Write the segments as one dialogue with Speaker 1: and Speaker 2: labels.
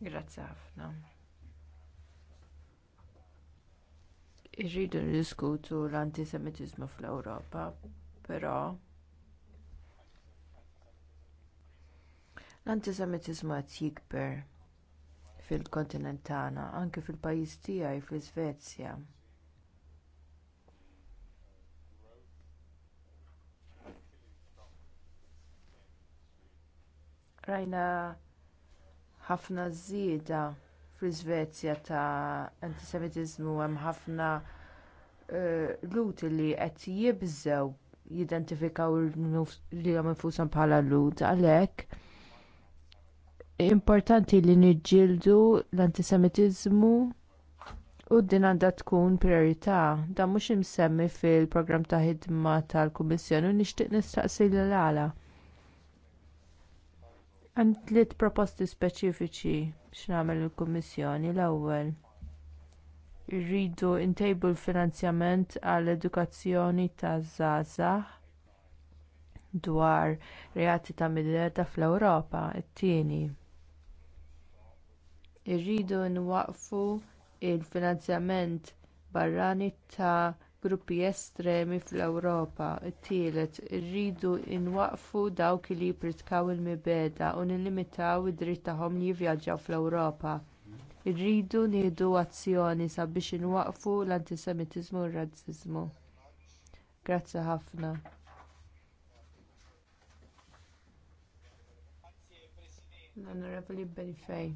Speaker 1: Grazzi ħafna. Irridu niskutu l-antisemitizmu fl-Ewropa, però l antisemitizmu qed jikber fil kontinentana anke fil-pajjiż tiegħi fl-Iżvezja. Rajna ħafna żieda fl-Iżvezja ta' antisemitiżmu hemm ħafna uh, li qed jibżew jidentifikaw li għam infusan bħala lut għalhekk importanti li niġġieldu l-antisemitiżmu u din għandha tkun priorità dan mhux imsemmi fil-programm ta' ħidma tal-Kummissjoni u nixtieq nistaqsi l għala. Għan tliet proposti speċifiċi biex nagħmel il-Kummissjoni l-ewwel. Irridu ntejbu l-finanzjament għall edukazzjoni ta' żgħażagħ dwar reati ta' midreda fl-Ewropa, it-tieni. Irridu nwaqfu l finanzjament barrani ta' gruppi estremi fl-Ewropa. Tielet, irridu inwaqfu dawk li jipritkaw il-mibeda u nillimitaw id-dritt tagħhom li jivvjaġġaw fl-Ewropa. Irridu nieħdu azzjoni sabiex inwaqfu l-antisemitiżmu u r-razziżmu. Grazzi ħafna. L-Onorevoli Benifej.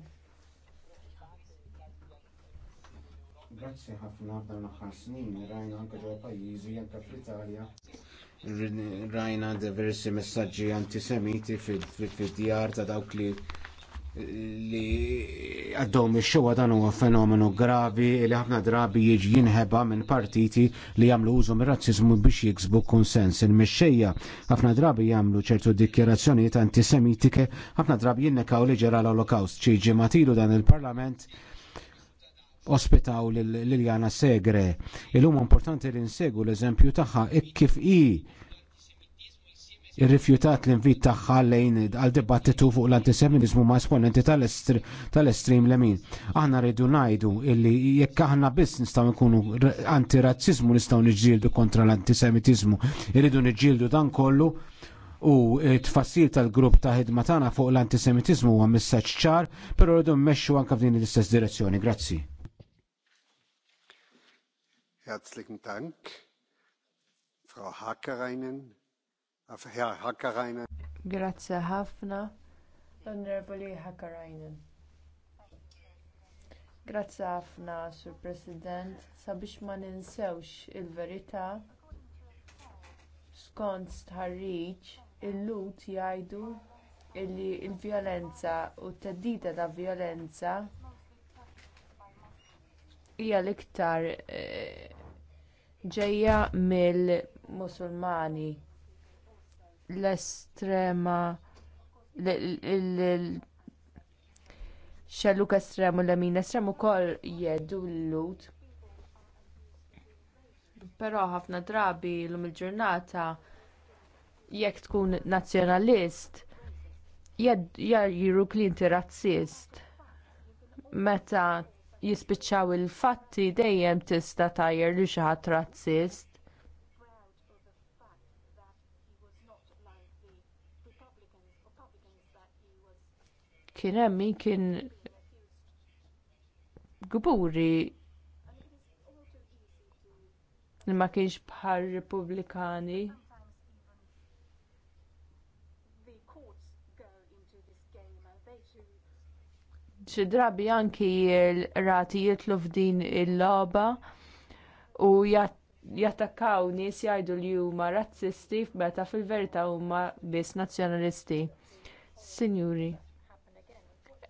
Speaker 2: Grazzi ħafna f'dawn l-aħħar snin, rajna anke ġewwa pajjiżi anke fl-Italja. Rajna diversi messaġġi antisemiti fid-djar ta' dawk li li għaddom ix-xogħol dan huwa fenomenu gravi li ħafna drabi jiġi jinħeba minn partiti li jagħmlu użu mir-razziżmu biex jiksbu konsens il-mixxejja. Ħafna drabi jagħmlu ċertu dikjerazzjonijiet antisemitike, ħafna drabi jinnekaw li ġara l-Olokawst ċi ġimatilu dan il-Parlament ospitaw Liljana Segre. Il-lum importanti li nsegu l-eżempju tagħha kif i irrifjutat l-invit tagħha lejn għal-dibattitu fuq l-antisemitizmu ma' esponenti tal-estrim lemin. Aħna rridu ngħidu illi jekk aħna biss nistgħu nkunu antirazzizmu nistgħu niġġieldu kontra l-antisemitizmu. Irridu niġġieldu dan kollu u t-fassil tal-grupp ta' ħidma tagħna fuq l-antisemitizmu huwa messaġġ ċar, però rridu mmexxu anke f'din l-istess direzzjoni. Grazzi. Herzlichen Dank. Frau Hakarainen. Herr Hakarainen.
Speaker 1: Grazie ħafna. Honorable Hakarainen. Grazie, ħafna, Sur President, sabiex ma ninsewx il-verità skont tħarriġ il-lut jgħidu li l-vjolenza u t-teddida ta' vjolenza hija l-iktar eh, ġejja mill-Musulmani l-estrema xelluk estremu l-emin estremu kol jeddu l-lut. Però ħafna drabi l-lum il-ġurnata jekk tkun nazzjonalist, jarjiru klinti razzist. Meta jispiċċaw il-fatti dejjem tista' tajjer li xi ħadd razzist. Kien hemm min kien gburi li ma kienx bħal Repubblikani. xi drabi anki l-rati jitlu f'din il-logħba u jattakkaw nies jgħidu li huma razzisti meta fil-verità huma biss nazzjonalisti. Sinjuri,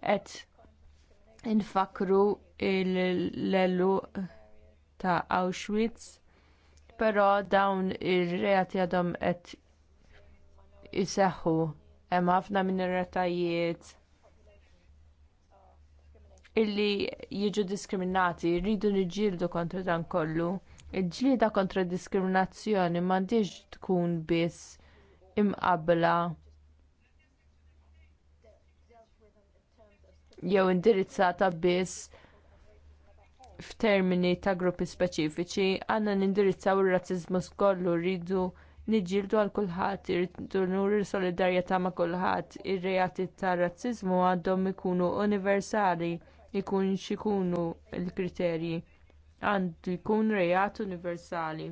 Speaker 1: qed infakru l-lelu ta' Auschwitz, però dawn ir-reati għadhom qed iseħħu hemm ħafna minn ir illi jiġu diskriminati, rridu niġġieldu kontra dan kollu. Il-ġlieda kontra d diskriminazzjoni m'għandix tkun biss imqabbla jew indirizzata biss f'termini ta' gruppi speċifiċi, għandna nindirizzaw ir razzizmu kollu rridu niġġieldu għal kulħadd, irridu nuru solidarjetà ma' kulħadd, ir-reati tar razzizmu għandhom ikunu universali ikun xikunu l-kriterji għandu jkun rejat universali.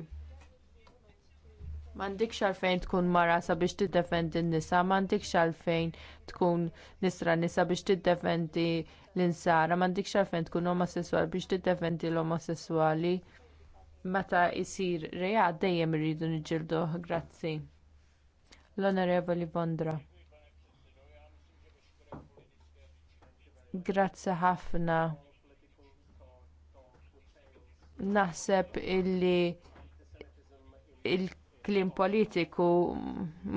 Speaker 1: M'għandek xalfejn tkun mara sabiex tiddefendi n-nisa, m'għandek xalfejn tkun nisra nisa biex tiddefendi l-insara, m'għandek xalfejn tkun omosessual biex tiddefendi l-omosessuali. Meta jsir rejat dejjem irridu niġġielduh, grazzi. L-Onorevoli Vondra. Grazzi ħafna. Naħseb illi il-klim politiku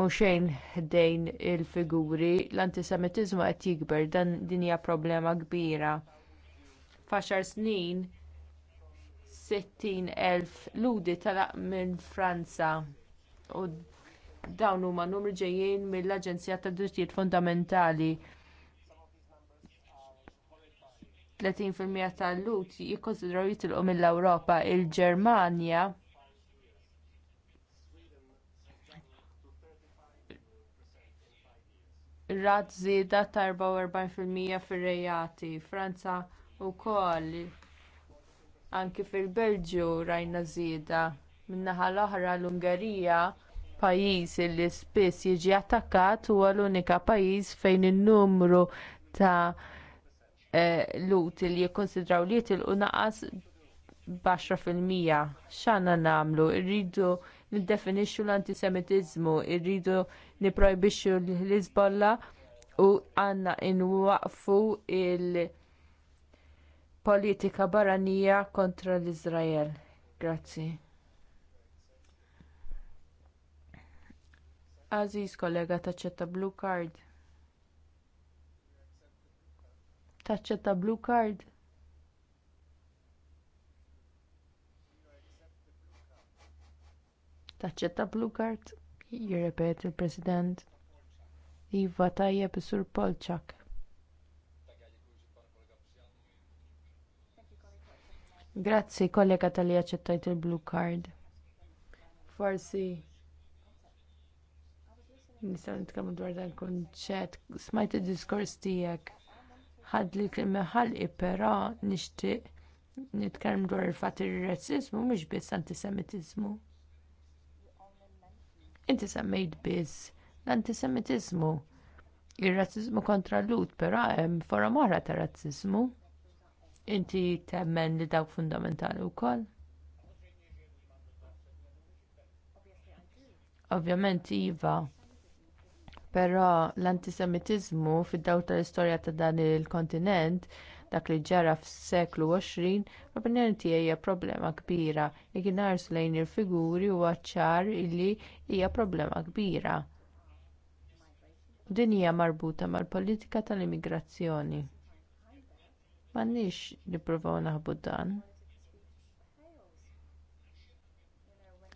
Speaker 1: muxejn ħdejn il-figuri l-antisemitizmu qed jikber dan din hija problema kbira. Faxar snin 60,000 ludi talaq minn Franza u dawn huma numri ġejjin mill-Aġenzija tad Drittijiet Fundamentali 30% tal-lut jikkonsidraw jitilqu mill-Ewropa. Il-Ġermanja rat żieda ta' 44% fir-rejati. Franza wkoll anki fil-Belġju rajna żieda. Min-naħa l-oħra l-Ungerija pajjiż li spiss jiġi attakkat huwa l-unika pajjiż fejn in-numru ta' Eh, lut li jikkonsidraw li jitilqu naqas b'10% x'għandna nagħmlu, irridu niddefinixxu l-antisemitiżmu, irridu nipprojbixxu l-Hizbolla u għandna inwaqfu l politika barranija kontra l-Iżrael. Grazzi. Aziz kollega taċċetta blue card. taċċetta blue card? Taċċetta blue card? Jirrepet il-President. Iva tajjeb sur Polczak. Grazzi, kollega tal-li aċċettajt il-blue card. Forsi nistgħu nitkamu dwar dan il Smajt il diskors tijek ħad li kelma ħalqi però nixtieq nitkellem dwar il-fatt li r-razzizmu mhix biss antisemitiżmu. Inti semmejt biss l-antisemitiżmu. Ir-razzizmu kontra l-lut, però hemm forra oħra ta' razzizmu. Inti temmen li dawk fundamentali wkoll. Ovvjament iva Però l-antisemitiżmu fid-dawl tal-istorja ta' dan il-kontinent dak li ġara fis-seklu 20 fl-opinjoni tiegħi hija problema kbira. Jekk inħarsu lejn il-figuri huwa ċar li hija problema kbira. Din hija marbuta mal-politika tal-immigrazzjoni. M'għandniex nippruvaw naħbu dan.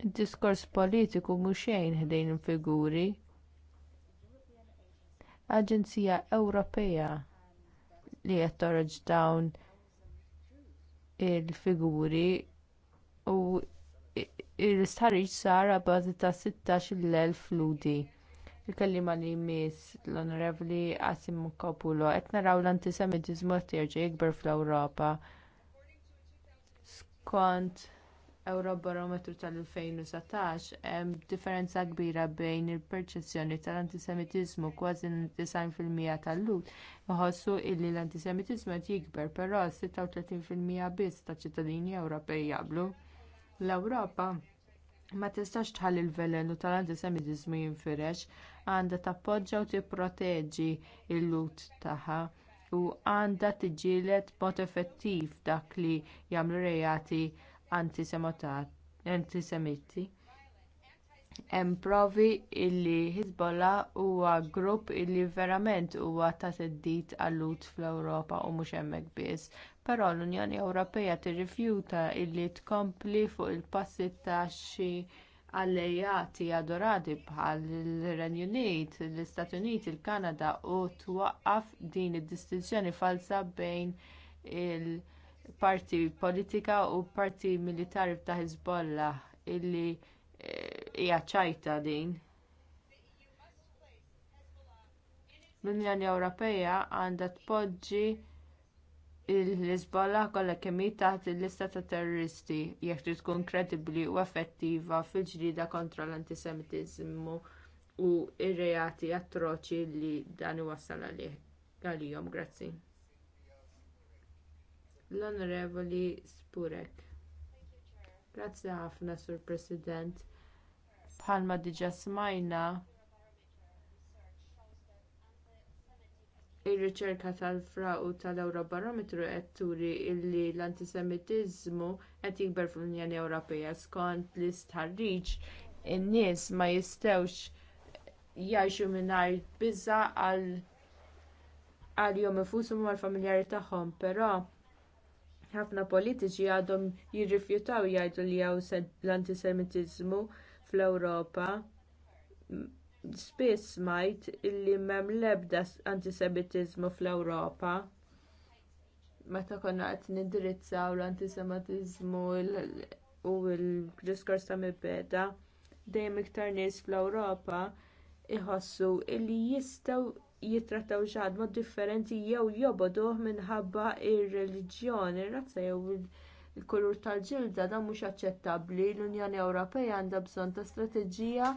Speaker 1: Id-diskors politiku mhux xejn ħdejn il-figuri Aġenzija Ewropea li qed toħroġ dawn il-figuri u l-istħarriġ sar abbażi ta' 16.000 ludi. il kelliema li jmiss l-Onorevoli Asim Kopulo qed naraw l-antisemitizmu qed jerġa' jikber fl-Ewropa. Skont Eurobarometru tal-2017 hemm differenza kbira bejn il-perċezzjoni tal-antisemitiżmu kważi 90% tal-lut iħossu li l-antisemitiżmu qed jikber, però 36% biss taċ ċittadini Ewropej jaqblu. L-Ewropa ma tistax tħalli l-velenu tal-antisemitiżmu jinfirex, għandha tappoġġa u tipproteġi l lut tagħha u għandha tiġġieled b'mod effettiv dak li jagħmlu rejati antisemiti. Hemm provi li Hezbollah huwa grupp illi verament huwa ta' teddid għall-lut fl-Ewropa u mhux hemmhekk biss. Però l-Unjoni Ewropea tirrifjuta li tkompli fuq il-passi ta' xi allejati adorati bħal ir-Renju Unit, l-Istati Uniti, il-Kanada u twaqqaf din id-distinzjoni falsa bejn il- parti politika u parti militari ta' Hezbollah illi eh, hija ċajta din. L-Unjoni Ewropea għandha tpoġġi l-Hezbollah kollha kemm taħt il-lista ta' terroristi jekk trid tkun kredibbli u effettiva fil ġdida kontra l-antisemitiżmu u r reati atroċi li dan iwassal għalih. Għalihom, grazzi l-Onorevoli Spurek. Grazzi ħafna, Sur President. Bħalma diġa smajna ir-riċerka tal u tal-Eurobarometru qed turi li l-antisemitiżmu qed jikber fl-Unjoni Ewropea skont l-istħarriġ in-nies ma jistgħux jgħixu mingħajr biża għal għal jom ifushom mal-familjari tagħhom, però ħafna politiċi għadhom jirrifjutaw jgħidu li hawn l-antisemitiżmu fl-Ewropa. Spiss smajt illi m'hemm l-ebda antisemitiżmu fl-Ewropa. Meta konna qed nindirizzaw l-antisemitiżmu u l-diskors ta' mibeda, dejjem iktar nies fl-Ewropa iħossu illi jistgħu jittrattaw xaħad mod differenti jew joboduh minħabba ir-reliġjon, ir-razza jew il-kulur tal-ġilda dan mhux aċċettabbli. L-Unjoni Ewropea għandha bżonn ta' strateġija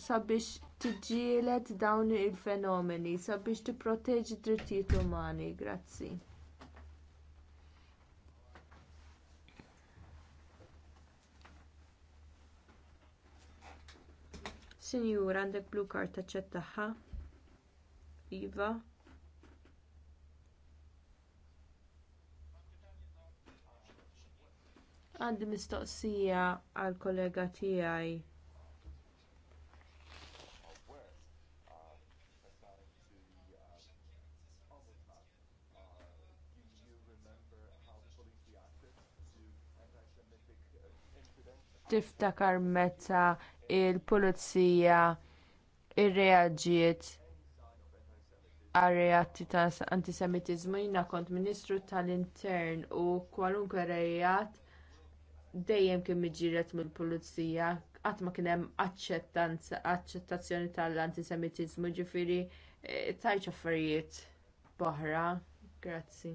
Speaker 1: sabiex tiġġieled dawn il-fenomeni, sabiex tipproteġi d drittijiet umani. Grazzi. Sinjur għandek blue card taċċettaħħa? Iva. Għandi mistoqsija għal kollega tiegħi. tiftakar meta l pulizija irreaġiet għarrejati ta' antisemitiżmu jiena kont ministru tal-intern u kwalunkwe rejat dejjem kien miġiret mill-pulizija qatt ma kien hemm aċċettazzjoni tal-antisemitiżmu ġifieri eh, tajċ affarijiet boħra. Grazzi.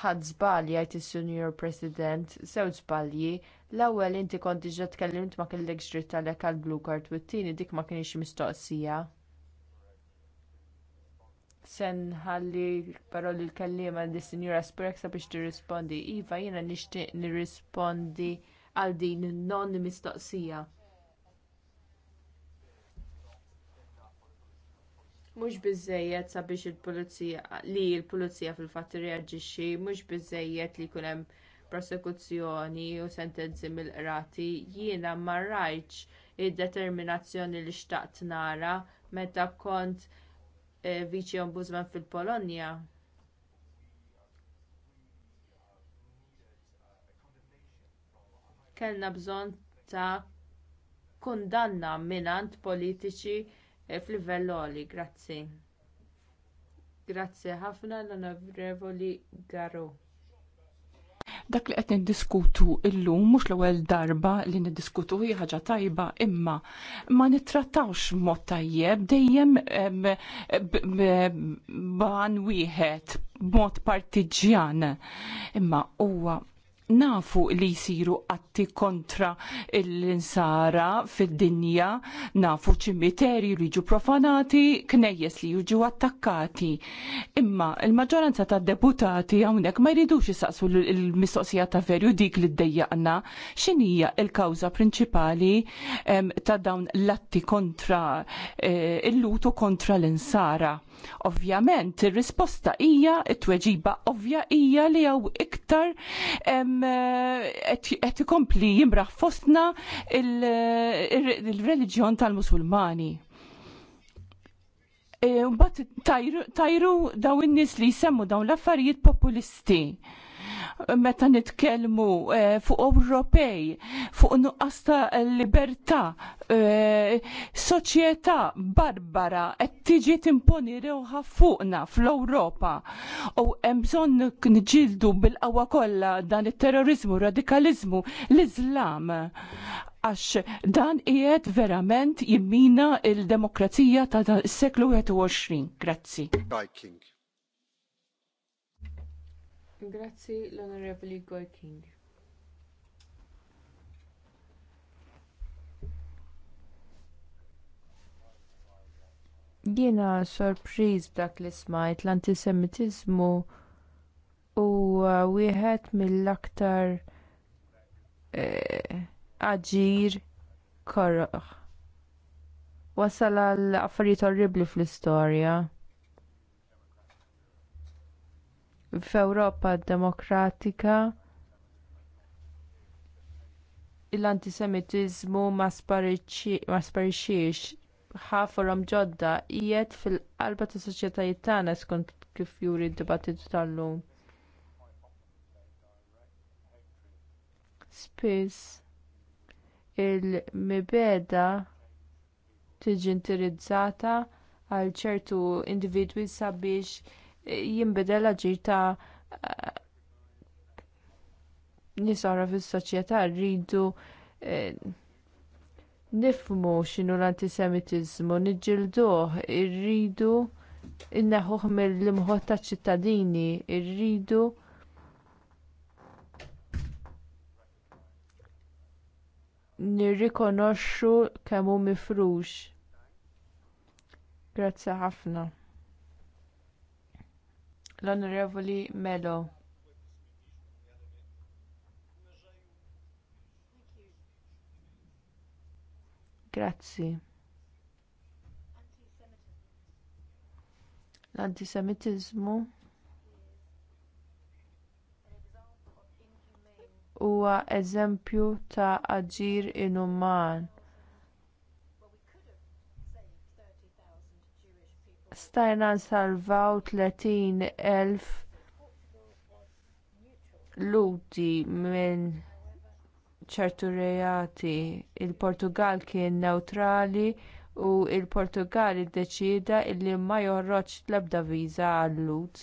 Speaker 1: ħad żbalji jgħid is-Senior President, sew żbalji, l-ewwel inti konti ġa tkellimt ma kellekx dritt għalhekk għal blue card u t-tieni dik ma kienx mistoqsija. Sen ħalli paroli l kelliema di Sinjura Spireksa biex tirrispondi. Iva, jiena nixtieq nirrispondi għal din non mistoqsija. mhux biżżejjed sabiex il-pulizija li l-pulizija fil-fatt reaġixxi, mhux biżżejjed li jkun hemm prosekuzzjoni u sentenzi mill-qrati, jiena ma rajtx id-determinazzjoni li xtaqt nara meta kont e, viċi ombudsman fil-Polonja. Kellna bżonn ta' kundanna minant politiċi Eh, f'livell oli, grazzi. Grazzi ħafna l-onorevoli Garo.
Speaker 3: Dak li qed niddiskutu illum mhux l-ewwel darba li niddiskutu hija ħaġa tajba imma ma nittrattawx mod tajjeb dejjem ban wieħed b'mod partiġjan imma huwa nafu li jisiru atti kontra l-insara fid-dinja, nafu ċimiteri li jiġu profanati, knejjes li jiġu attakkati. Imma il-maġġoranza ta' deputati hawnhekk ma jridux jisaqsu l-mistoqsija ta' veru dik li ddejjaqna x'inhija l-kawża prinċipali ta' dawn l-atti kontra eh, il-lutu kontra l-insara Ovvjament, ir-risposta hija, it-tweġiba ovvja hija li hawn iktar qed ikompli jimraħ fostna il-reliġjon tal-Musulmani. E, mbagħad tajru dawn in-nies li jsemmu dawn l-affarijiet populisti meta nitkellmu eh, fuq Ewropej, fuq nuqqas ta' libertà, eh, soċjetà barbara qed tiġi timponi rewħa fuqna fl-Ewropa. U hemm bżonn niġildu bil-qawwa kollha dan it-terrorizmu, radikaliżmu, l-Iżlam għax dan qiegħed verament jimmina il-demokrazija ta' seklu 21. Grazzi.
Speaker 1: Grazzi l-Onorevoli Gorking. Jiena sorpriż b'dak li smajt l antisemitiżmu u uh, wieħed mill-aktar eh, aġir korroħ. Wasal għal affarijiet orribli fl-istorja. f'Ewropa demokratika l-antisemitiżmu ma sparixxiex ħa forom ġodda qiegħed fil-qalba tas soċjetajiet tagħna skont kif juri d-dibattitu tal-lum. Spiss il-mibeda tiġi intirizzata għal ċertu individwi sabiex jinbidel ġir ta' nisara fis-soċjetà rridu eh, nifmu x'inhu l-antisemitiżmu, niġġilduh, irridu inneħuh mill-imħod taċ ċittadini, irridu nirrikonoxxu kemm hu mifrux. Grazzi ħafna l-Onorevoli Melo. Grazzi. L-antisemitizmu huwa eżempju ta' aġir inuman stajna nsalvaw 30,000 luti minn ċertu reati. Il-Portugal kien newtrali u l portugal iddeċieda li ma joħroġ l-ebda viża għal-lut.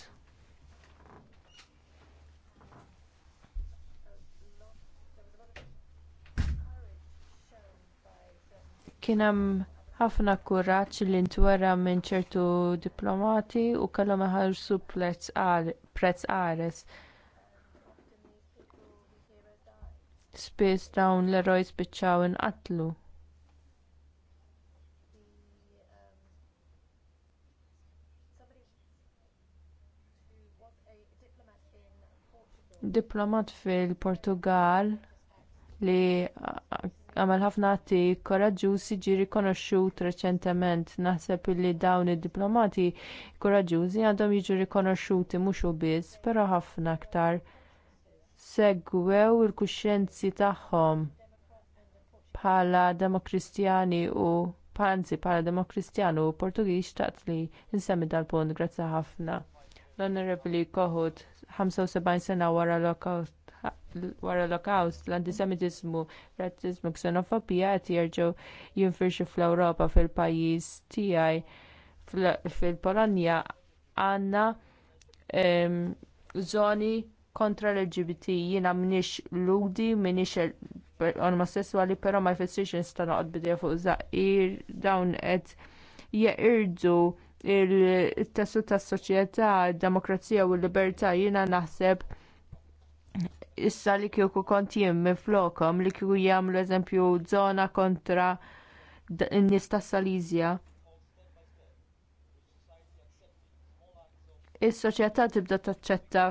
Speaker 1: Kien hemm ħafna kuraġġ li ntwera minn ċertu diplomati u kellhom iħallsu prezz qares. Spiss dawn l-eroj spiċċaw inqatlu. Diplomat fil-Portugal li għamel ħafna atti koraġġużi ġie rikonoxxut reċentement. Naħseb li dawn id-diplomati koraġġużi għandhom jiġu rikonoxxuti mhux u biss, però ħafna aktar segwew il-kuxjenzi tagħhom bħala demokristjani u panzi bħala demokristjanu u Portugiż taqt li nsemmi dal-punt grazzi ħafna. L-Onorevoli Kohut, 75 sena wara l-Okawt wara l-Holocaust, l-antisemitizmu, razzizmu, ksenofobija qed jerġgħu jinfirxu fl-Ewropa fil-pajjiż tiegħi fil-Polonja għandna ehm, żoni kontra l-LGBT jiena m'iniex ludi, m'iniex omosessuali, però ma jfissirx nista' noqgħod bidejja fuq żaqir dawn qed jeqirdu il-tessu tas-soċjetà, id-demokrazija u l-libertà jiena naħseb issa li kieku kont jien minn flokom li kieku jagħmlu eżempju żona kontra n-nies tas Salizja. Is-soċjetà tibda taċċetta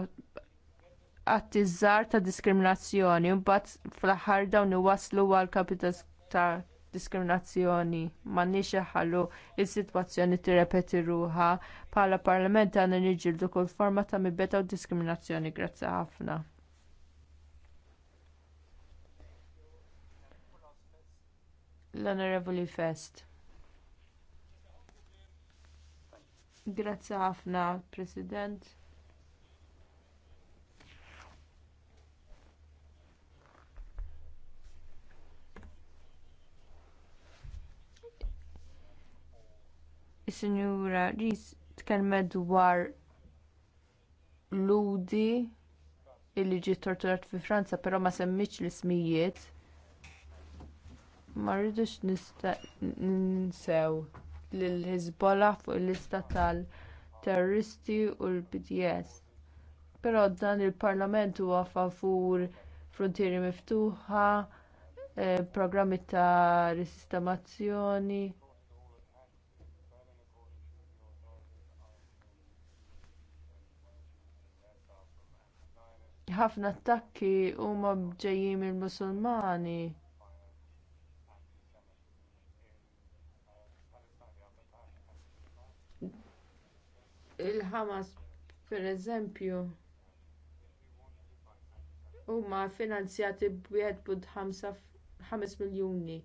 Speaker 1: atti żgħar ta' diskriminazzjoni mbagħad fl-aħħar dawn iwasslu għal kapita ta' diskriminazzjoni m'għandniex iħallu s sitwazzjoni tirrepeti ruha bħala parlament għandna niġġieldu kull forma ta' mibeta u diskriminazzjoni grazzi ħafna. l-Onorevoli Fest. Grazzi ħafna, President. Signora Ris tkellmet dwar ludi illi ġiet torturat fi Franza, però ma semmitx l-ismijiet ma rridux ninsew l Hezbollah fuq il-lista tal-terroristi u l-BDS. Però dan il-Parlament huwa favur frontieri miftuħa, eh, programmi ta' risistemazzjoni. ħafna attakki huma ġejjin mill-Musulmani. il-ħamas pereżempju huma ffinanzjati ħames miljuni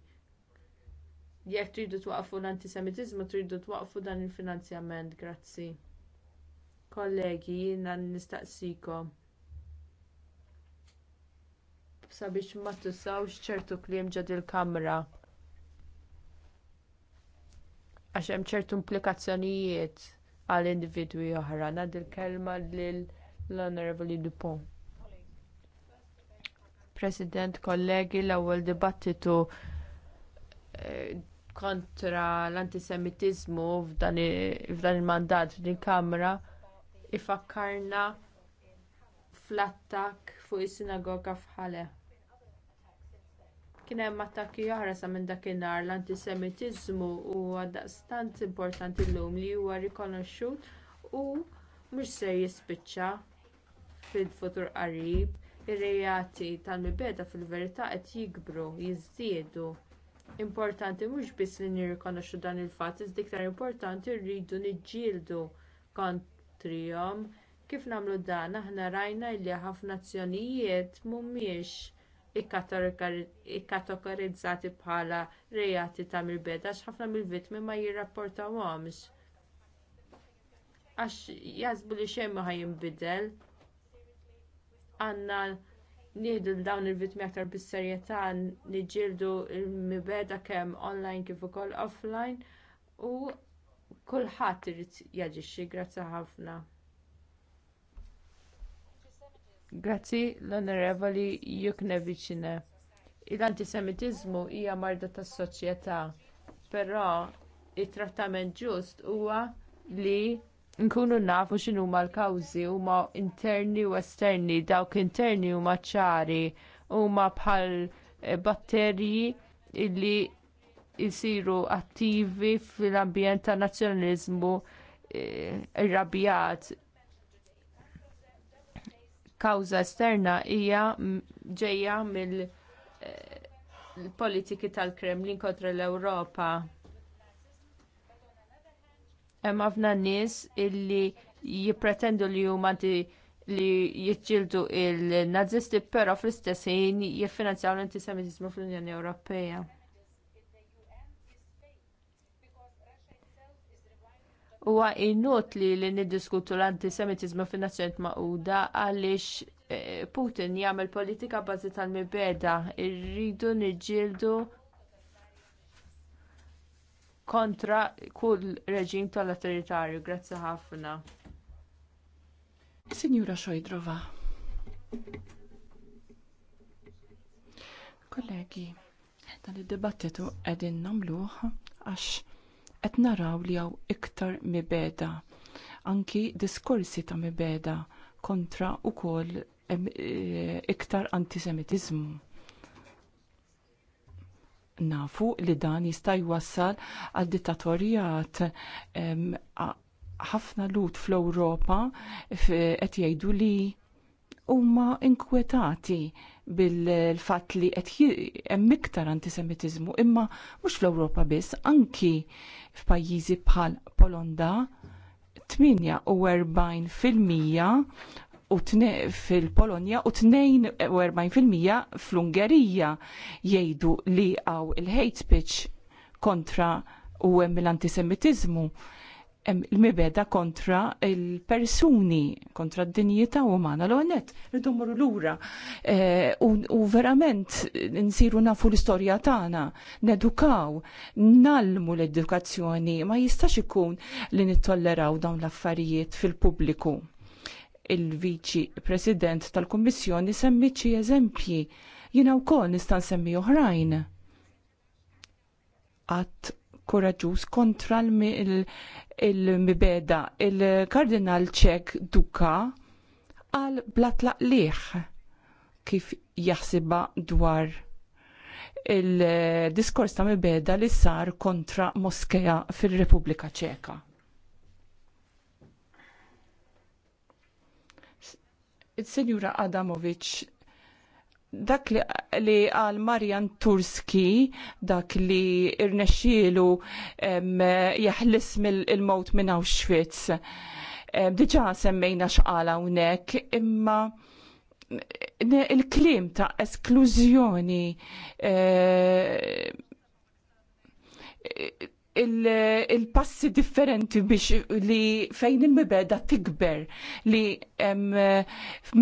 Speaker 1: jekk tridu twaqfu l-antisemitiżmu tridu twaqfu dan il-finanzjament grazzi kollegi jiena nistaqsikom sabiex ma tużawx ċertu kliem ġod il-kamra għax hemm ċertu implikazzjonijiet għal individwi oħra. Nad il-kelma lill onorevoli Dupont. President, kollegi, l-ewwel dibattitu eh, kontra l-antisemitiżmu f'dan il-mandat f'din kamra ifakkarna fl-attakk fuq is-sinagoga f'Ħale Kien hemm attakki oħra sa minn dakinhar l-antisemitiżmu huwa daqstant importanti llum li huwa rikonoxxut u mhux se jispiċċa fil-futur qarib. Ir-reati tal-mibeda fil-verità qed jikbru, jiżdiedu importanti mhux biss li nirrikonoxxu dan il-fatt, iżda iktar importanti rridu niġġieldu kontrihom. Kif nagħmlu dan aħna rajna li ħafna azzjonijiet mhumiex ikkategorizzati bħala rejati ta' mill-beda ħafna mill-vittmi ma għomx. Għax jazbu li xejn ma ħajinbidel għandna nieħdu dawn il-vittmi aktar bis-serjetà niġġieldu il mibeda kemm online kif ukoll offline u kulħadd irid jaġixxi grazzi ħafna. Grazzi l-Onorevoli Juknevicine. Il-antisemitiżmu hija marda tas-soċjetà, però t trattament ġust huwa li nkunu nafu x'inhuma l-kawżi huma interni u esterni, dawk interni huma ċari, huma bħal eh, batterji li jsiru attivi fil-ambjent ta' nazzjonaliżmu eh, irrabjat kawża esterna hija ġejja mill-politiki eh, tal-Kremlin kontra l-Ewropa. Hemm ħafna nies illi jippretendu li huma li jiġġieldu il-nazisti però fl-istess ħin jiffinanzjaw l-antisemitizmu fl-Unjoni Ewropea. huwa inutli li niddiskutu l-antisemitizmu fin-nazzjonijiet maquda għaliex eh, Putin jagħmel politika bażi tal-mibeda irridu niġġieldu kontra kull reġim tal-autoritarju. Grazzi ħafna. Signora Xojdrova.
Speaker 3: Kollegi, dan id-dibattitu qegħdin nagħmluh għax qed naraw li hawn iktar mibeda. Anki diskorsi ta' mibeda kontra wkoll eh, iktar antisemitiżmu. Nafu li dan jista' jwassal għal dittatorjat ħafna lut fl-Ewropa qed jgħidu li huma inkwetati bil-fatt li qed hemm iktar antisemitiżmu imma mhux fl-Ewropa biss, anki f'pajjiżi bħal Polonda 48 fil-mija fil-Polonja u 42% fl-Ungerija jgħidu li għaw il-hate speech kontra u hemm l-antisemitiżmu il-mibeda kontra il-persuni, kontra d-dinjita umana. L-għonet, rridu dumru l-ura eh, u verament nsiru nafu l-istoria tagħna, nedukaw, nalmu l-edukazzjoni, ma jistax ikun li nittolleraw dawn l-affarijiet fil-pubbliku. Il-Viċi President tal-Kommissjoni semmiċi eżempji, jina wkoll nista' nsemmi oħrajn. Qatt koraġuż kontra l-mibeda. Il-kardinal ċek Duka għal blatlaq liħ kif jaħsiba dwar il-diskors ta' mibeda li sar kontra moskeja fil-Repubblika ċeka. Il-Senjura Adamovic dak li għal Marjan Turski, dak li irnexxielu jaħlis mill-mot minn Auschwitz. Diġa semmejna xqala unek, imma il-klim ta' esklużjoni eh, il-passi differenti biex li fejn il-mibeda tikber li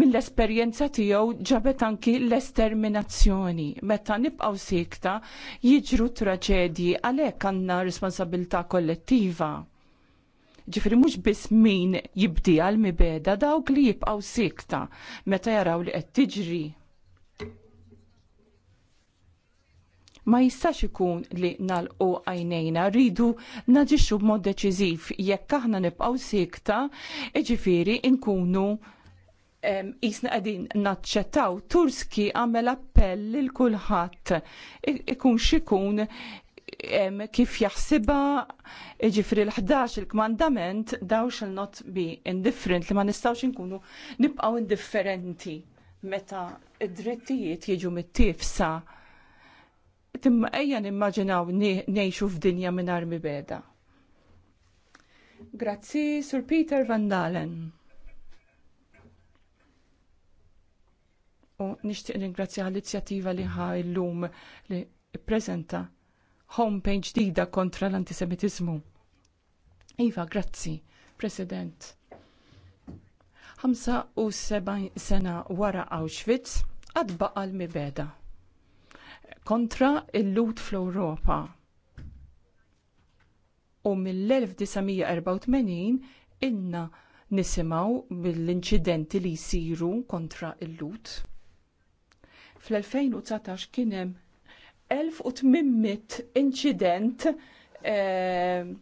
Speaker 3: mill-esperienza tiegħu ġabet anki l-esterminazzjoni. Meta nibqgħu sikta jiġru traġedji għalhekk għandna responsabilità kollettiva. Ġifri mhux biss min jibdi għal mibeda dawk li jibqgħu sikta meta jaraw li qed tiġri Ma jistax ikun li nalqu għajnejna rridu naġixxu b'mod deċiżiv jekk aħna nibqgħu sikta, jiġifieri nkunu jisna qegħdin naċċettaw Turski għamel appell lil kulħadd ikun xikun kif jaħsiba ġifri l-11 il-kmandament daw x'il not be indifferent li ma nistawx nkunu nibqaw indifferenti meta id-drittijiet jiġu mit-tifsa timma ejja nimmaġinaw nejxu f'dinja minn armi beda. Grazzi, Sur Peter Van Dalen. U nishtiq ringrazzja l-inizjattiva li ħa illum li prezenta homepage ġdida kontra l-antisemitizmu. Iva, grazzi, President. 75 sena wara Auschwitz, baqa l-mibeda kontra il-lut fl-Ewropa. U mill-1984 inna nisimaw mill-inċidenti li jsiru kontra il-lut. Fl-2019 kien hemm 1800 inċident eh,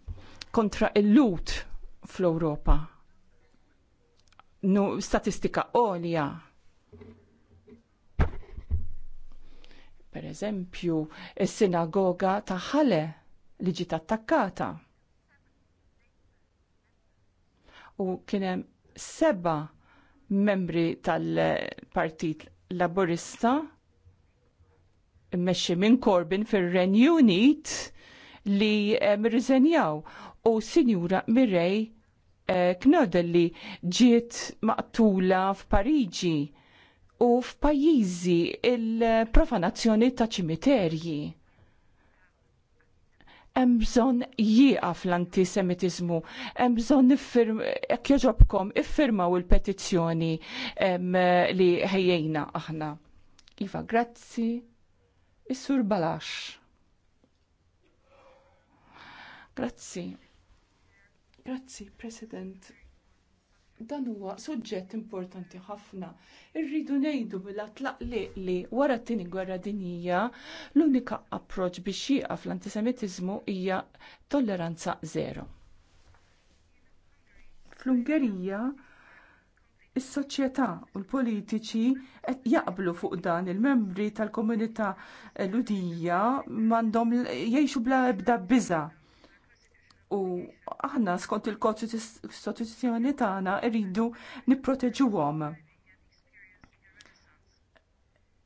Speaker 3: kontra il-lut fl-Ewropa. No, statistika għolja Per eżempju, sinagoga ta' Ħale li ġiet attakkata. U kien hemm seba membri tal-Partit Laburista mmexxi minn Corbyn fir-Renju Unit li eh, mirriżenjaw u Sinjura Mirej eh, Knodel ġiet maqtula f'Pariġi u f'pajjiżi il-profanazzjoni ta' ċimiterji. Hemm bżonn jieqaf l-antisemitiżmu, hemm bżonn jekk jogħġobkom iffirmaw il-petizzjoni li ħejjejna aħna. Iva, grazzi. Is-sur Balax. Grazzi. Grazzi, President dan huwa suġġett importanti ħafna. Irridu ngħidu bil mela tlaq li, li wara t-tieni gwerra dinjija l-unika approċċ biex jieqaf l-antisemitiżmu hija tolleranza zero. Fl-Ungerija is-soċjetà u l-politiċi qed jaqblu fuq dan il-membri tal-komunità ludija m'għandhom jgħixu bla ebda biża' U aħna skont il-kostituzzjoni tagħna rridu nipproteġuhom.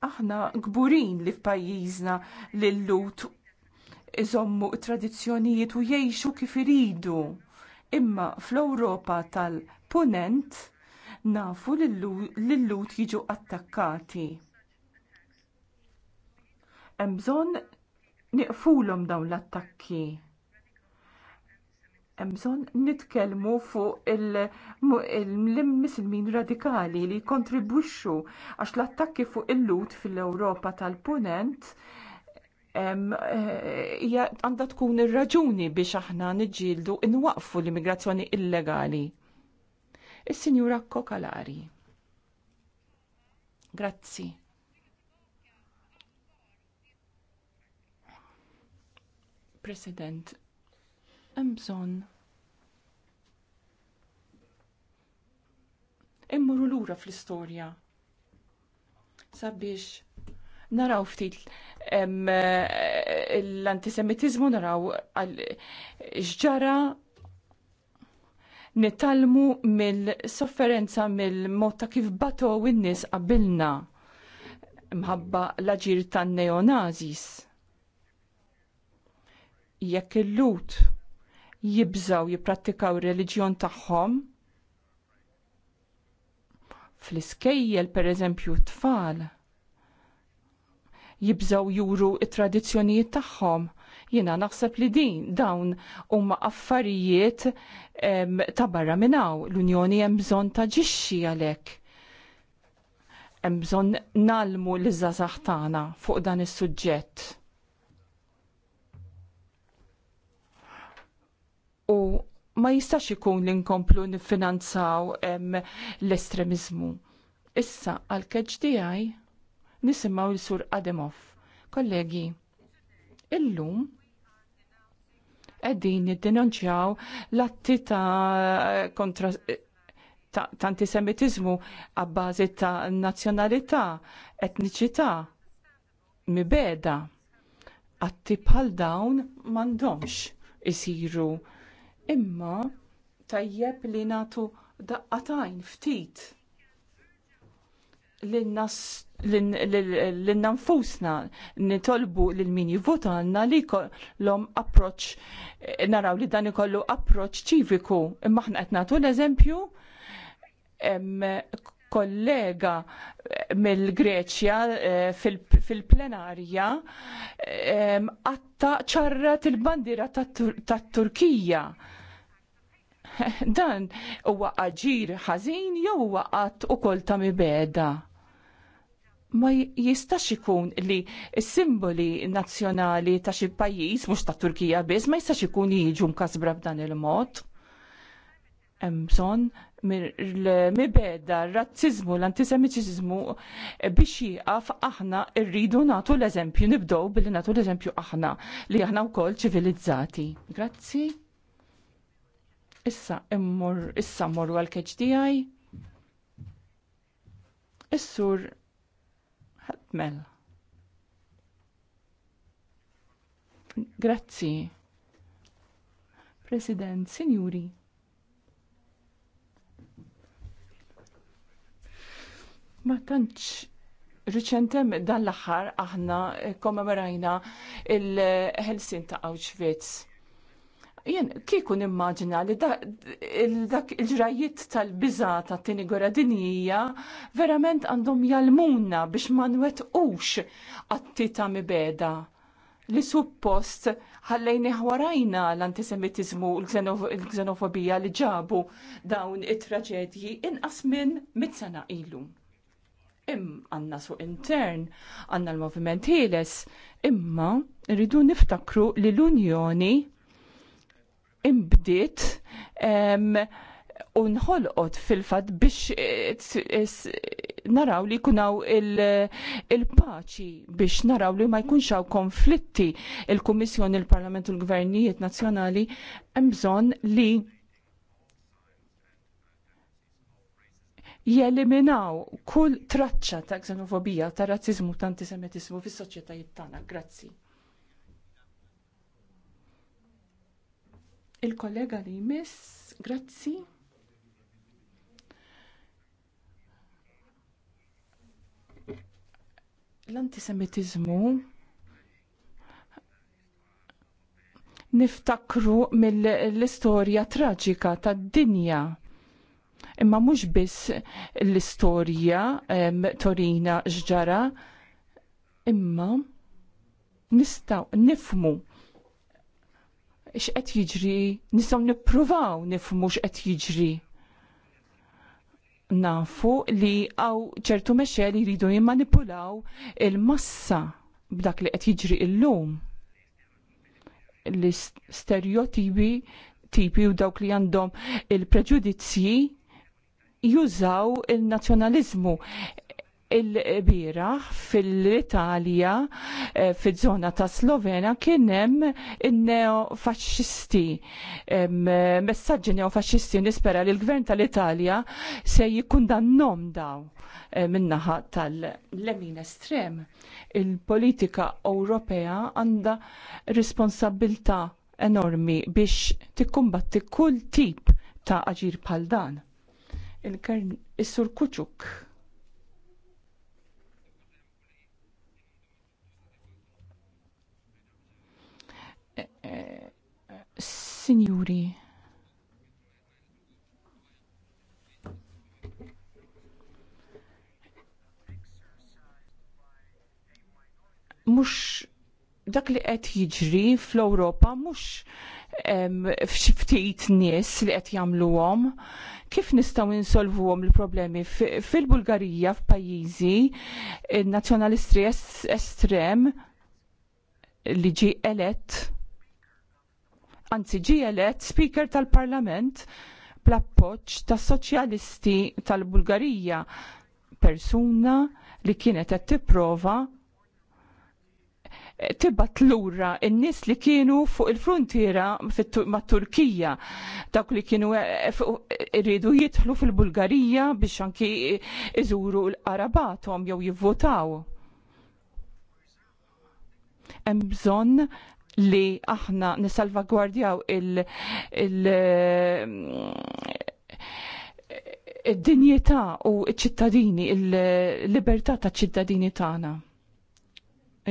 Speaker 3: Aħna gburin li f'pajjiżna l lut iżommu tradizzjonijiet u jgħixu kif iridu. Imma fl-Ewropa tal-Punent nafu l lut jiġu attakkati. Hemm bżonn niqfulhom dawn l-attakki Mżon bżonn nitkellmu fuq il mislimin radikali li kontribuxxu għax l-attakki fuq il-lut fil-Ewropa tal-Punent għanda eh, għandha tkun ir-raġuni biex aħna niġġieldu inwaqfu l-immigrazzjoni illegali. Is-Sinjura Kokalari. Grazzi. President, bżonn Immurru lura fl-istorja sabiex naraw ftit eh, l-antisemitizmu naraw ġara nitalmu mill-sofferenza mill-mod ta' kif batow in-nies qabilna mħabba l-aġir tan-neonazis. Jekk il-lut jibżaw jipprattikaw ir-reliġjon tagħhom fl-iskejjel pereżempju tfal jibżaw juru t tradizzjonijiet tagħhom. Jiena naħseb li din dawn huma affarijiet ta' barra minn hawn. L-Unjoni hemm bżonn ta' ġixxi għalhekk. Hemm bżonn nalmu l-iżgħażagħ tagħna fuq dan is-suġġett. u ma jistax ikun li nkomplu nifinanzaw l-estremizmu. Issa għal KHDI nisimaw l-sur Ademov. Kollegi, illum qegħdin denunċjaw l-atti ta' kontra ta', antisemitizmu għabbażi ta' nazzjonalità, etniċità, mibeda. Atti bħal dawn m'għandhomx isiru Imma tajjeb li nagħtu daqqatajn ftit l nanfusna nfusna nitolbu l-min jivvota għanna li kollom approċ, naraw li dan ikollu approċ ċiviku. Imma ħna għetnatu l-eżempju kollega eh, mill-Greċja eh, fil-plenarja għatta eh, ċarrat il-bandira tat-Turkija. Dan huwa aġir ħażin jew huwa qatt ukoll ta' mibeda. Ma jistax ikun li s-simboli nazzjonali ta' xi pajjiż mhux ta' Turkija biss ma jistax ikun jiġu mkasbra b'dan il-mod. Hemm bżonn mibeda r-razziżmu, l-antisemitiżmu biex jieqaf aħna rridu nagħtu l-eżempju, nibdew billi nagħtu l-eżempju aħna li aħna wkoll ċivilizzati. Grazzi. Issa immur, issa mmorru għal keġdijaj. Is-sur ħatmel. Grazzi. President, Signori. Ma tantx Riċentem dan l-axar aħna komemorajna il-Helsin ta' Auschwitz Jien kieku nimmaġina li dak il-ġrajiet tal-biża ta' tini gwerra dinija, verament għandhom jalmuna biex ma nwettqux għatti ta' mibeda li suppost ħallejni ħwarajna l-antisemitizmu u l-xenofobija li ġabu dawn it-traġedji inqas minn mit-sena ilu. Im għanna su intern, għanna l-moviment ħieles, imma rridu niftakru li l-Unjoni imbdiet u nħolqot fil-fat biex eh, naraw li kunaw il-paċi biex naraw li ma jkunx hawn konflitti il-Kummissjoni, il-Parlament u l-Gvernijiet Nazzjonali hemm bżonn li jeliminaw kull traċċa ta' xenofobija, ta' razzizmu, ta' antisemitizmu fis-soċjetajiet tagħna. Grazzi. Il-kollega li jmiss, grazzi. L-antisemitizmu niftakru mill-istorja traġika tad-dinja. Imma mhux biss l-istorja torina xġara, imma nistgħu nifmu x'qed jiġri, nistgħu nippruvaw nifhmu x'qed jiġri. Nafu li għaw ċertu mexxej li jridu jimmanipulaw il-massa b'dak li qed jiġri illum. L-stereotipi tipi u dawk li għandhom il-preġudizzji jużaw il nazzjonalizmu il-bira fil-Italja eh, fil-zona ta' Slovena kienem il-neofasċisti messagġi neofasċisti nispera li l-gvern tal-Italja se jikundannom daw eh, minnaħa tal-lemin estrem il-politika Ewropea għanda responsabilta enormi biex tikkumbatti kull tip ta' aġir pal dan. Il-sur Kuċuk Signori. Mux dak li qed jiġri fl-Ewropa mhux f'xiftit ftit nies li qed jagħmluhom, kif nistgħu insolvuhom il-problemi fil-Bulgarija f'pajjiżi nazzjonalisti estrem li ġie elett anzi ġie elett Speaker tal-Parlament bl-appoġġ tas-Soċjalisti tal-Bulgarija, persuna li kienet qed tipprova tibat lura n-nis li kienu fuq il-frontiera mat Turkija, dawk li kienu eh, eh, eh, irridu jidħlu fil-Bulgarija biex anki iżuru l qarabathom jew jivvotaw. Hemm bżonn li aħna nisalvagwardjaw il-, il, id-dinjità u ċittadini il-libertà ta' ċittadini tagħna.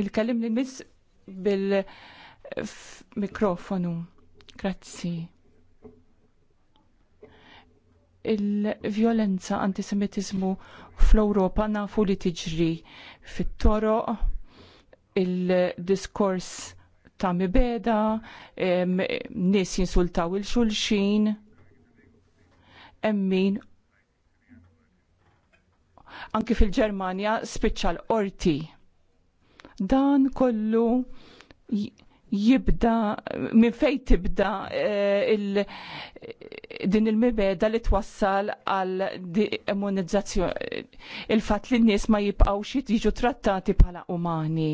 Speaker 3: Il-kellim li mis bil-mikrofonu. Grazzi. Il-violenza, antisemitizmu fl-Europa nafu li tiġri fit-toroq, il-diskors ta' mibeda, nis jinsultaw il-xulxin, emmin anki fil ġermania spiċċa l-qorti. Dan kollu jibda minn fejn tibda eh, il din il-mibeda li twassal għal demonizzazzjoni il-fatt li n-nies ma jibqgħux jiġu trattati bħala umani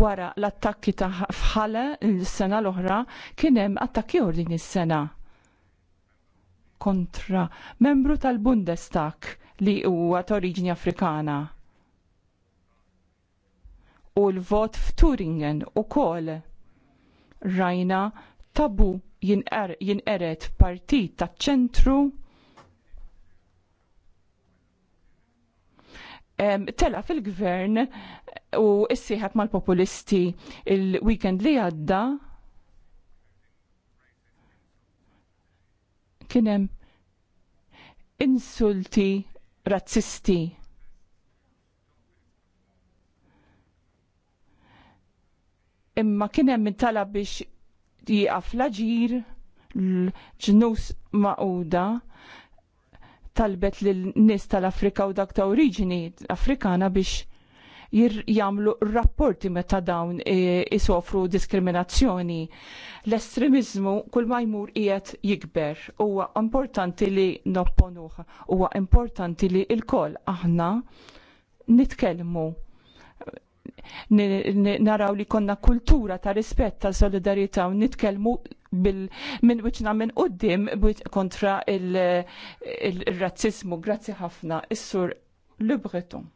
Speaker 3: wara l-attakki ta' fħala l-sena l-oħra kien hemm attakki ur din is-sena kontra membru tal-Bundestag li huwa ta' oriġini Afrikana. U l-vot f'Turingen ukoll rajna tabu jinqeret partit taċ ċentru tela fil-gvern u issieħab mal-populisti il-weekend li għadda kienem insulti razzisti. Imma kienem min tala biex jieqaf l-ġir l-ġnus maquda talbet lil nies tal-Afrika u dak ta' oriġini Afrikana biex jamlu rapporti meta dawn isofru diskriminazzjoni. L-estremizmu kull ma jmur qiegħed jikber. Huwa importanti li nopponuh, huwa importanti li il-kol aħna nitkellmu naraw li konna kultura ta' rispett ta' solidarieta u nitkelmu bil minn wiċna minn qoddim kontra il-razzismu. Grazzi ħafna, is-sur Le Breton.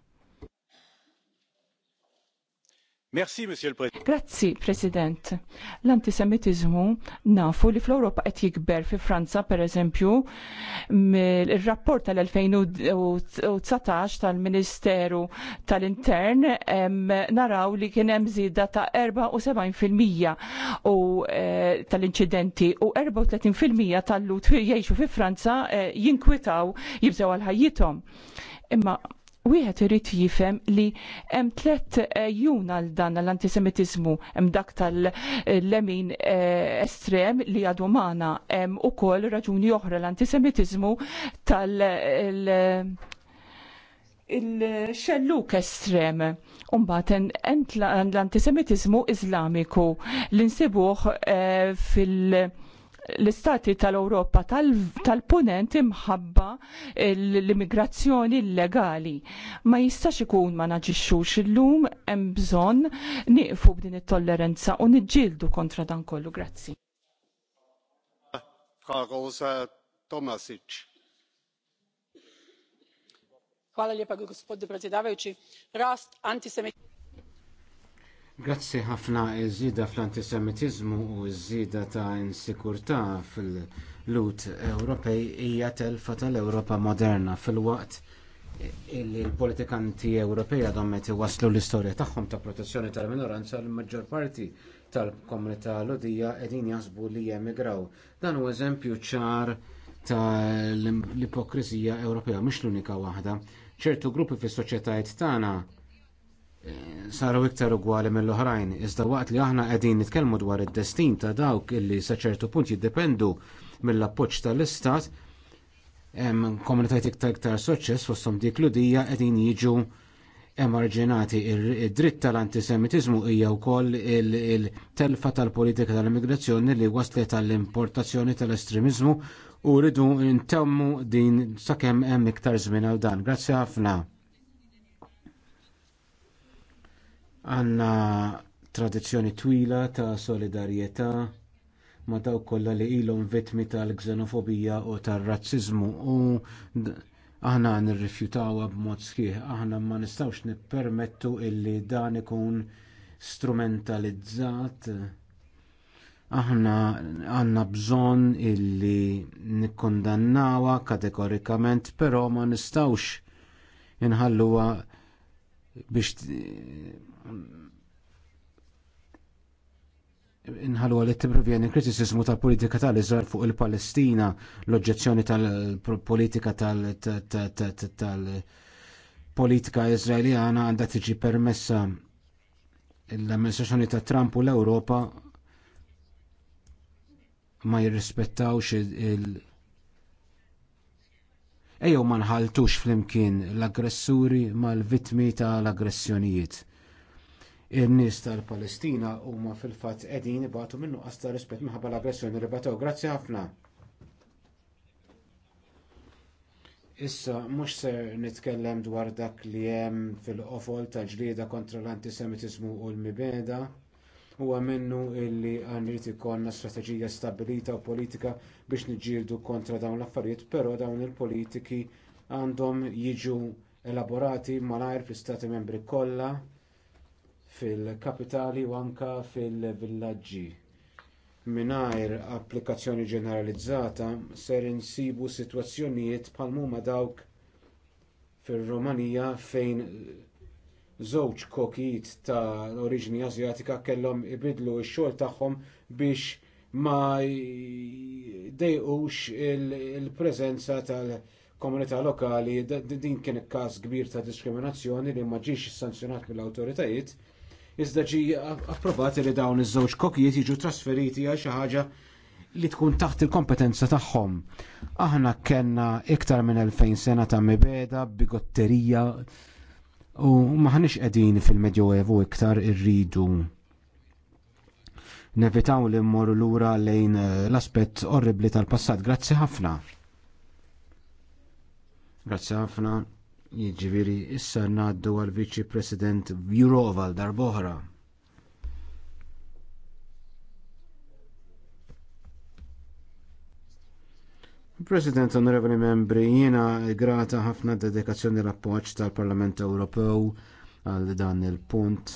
Speaker 2: Merci, Monsieur
Speaker 3: Grazzi, President. L-antisemitizmu nafu li fl-Europa qed jikber fi Franza, per eżempju, il-rapport tal-2019 tal-Ministeru tal-Intern naraw li kien hemm żieda ta' 74% u eh, tal-inċidenti u 34% tal-lut jgħixu fi Franza eh, jinkwitaw jibżgħu għal ħajjithom. Imma wieħed irid jifhem li hemm tliet ejjun eh, għal dan l-antisemitiżmu hemm dak tal-lemin eh, estrem li għadu magħna hemm ukoll raġuni oħra l-antisemitiżmu tal- il-xelluk estrem umbaten l-antisemitizmu islamiku l-insibuħ eh, fil- l-istati tal-Europa tal-punent imħabba l-immigrazzjoni illegali. Ma jistax ikun ma naġixxux illum hemm bżonn nieqfu b'din it-tolleranza u niġġieldu kontra dan kollu. Grazzi.
Speaker 4: Hvala lijepa gospodine predsjedavajući.
Speaker 1: Rast antisemitizma
Speaker 2: Grazzi ħafna iż-żida fl-antisemitizmu u iż-żida ta' insikurtà fil-lut Ewropej hija telfa tal-Ewropa moderna fil-waqt illi l-politikanti Ewropej għadhom qed iwasslu l-istorja tagħhom ta' protezzjoni tal-minoranza l-maġġor parti tal-komunità lodija qegħdin jaħsbu li jemigraw. Dan huwa eżempju ċar tal l-ipokrizija Ewropea mhux l-unika waħda. ċertu gruppi fis-soċjetajiet tagħna saru iktar ugwali mill-oħrajn, iżda waqt li aħna qegħdin nitkellmu dwar id-destin ta' dawk illi sa ċertu punt jiddependu mill-appoġġ tal-Istat, hemm komunitajiet iktar iktar soċċess fosthom dik l-udija qegħdin jiġu emarġinati id-dritt tal-antisemitiżmu hija wkoll il-telfa tal-politika tal-immigrazzjoni li waslet tal-importazzjoni tal-estremiżmu u rridu ntemmu din sakemm hemm iktar żmien għal dan. Grazzi ħafna. Għanna tradizzjoni twila ta' solidarjetà ma dawk kollha li ilhom vittmi tal-gżenofobija u tar-razziżmu u aħna nirrifjutawha b'mod sħiħ, aħna ma nistgħux nippermettu illi dan ikun strumentalizzat. Aħna għandna bżonn illi nikkundannawha kategorikament, però ma nistgħux inħalluha biex inħallu għalli t-prevjeni kritisizmu tal-politika tal-Izrael fuq il-Palestina, l-oġġezzjoni tal-politika tal-politika izraeljana għandha tiġi permessa l-amministrazzjoni ta' Trump u l-Ewropa ma jirrispettawx il- Ejjew ma nħaltux flimkien l-aggressuri mal-vitmi tal-aggressjonijiet in-nies tal-Palestina huma fil-fatt qegħdin ibatu minnu ta' rispett minħabba l-aggressjoni li Grazzi ħafna. Issa, mhux ser nitkellem dwar dak li hemm fil-qofol ta' ġlieda kontra l-antisemitiżmu u l-mibeda. Huwa minnu illi għanrit ikonna strateġija stabilita u politika biex niġġieldu kontra dawn l-affarijiet, però dawn il-politiki għandhom jiġu elaborati malajr fl istati membri kollha fil-kapitali u anke fil-villaġġi. Mingħajr applikazzjoni ġeneralizzata ser insibu sitwazzjonijiet bħal muma dawk fir-Romanija fejn żewġ kokijiet ta' oriġini Asjatika kellhom ibidlu x-xogħol tagħhom biex ma dejqux il-prezenza il preżenza il tal komunità lokali, din kien każ kbir ta' diskriminazzjoni li ma ġiex sanzjonat mill awtoritajiet iżda ġi approvati li dawn iż-żewġ kokijiet jiġu trasferiti għal xi ħaġa li tkun taħt il-kompetenza tagħhom. Aħna kellna iktar minn 2000 sena ta' mibeda, bigotterija u maħniex qegħdin fil-Medjoevu iktar irridu nevitaw li mmorru lura lejn eh, l-aspett orribli tal-passat. Grazzi ħafna. Grazzi ħafna. Jiġifieri issa ngħaddu għal Viċi President Juroval għal darboħra. President Onorevoli Membri, jiena grata ħafna dedikazzjoni l-appoġġ tal-Parlament Ewropew għal dan il-punt.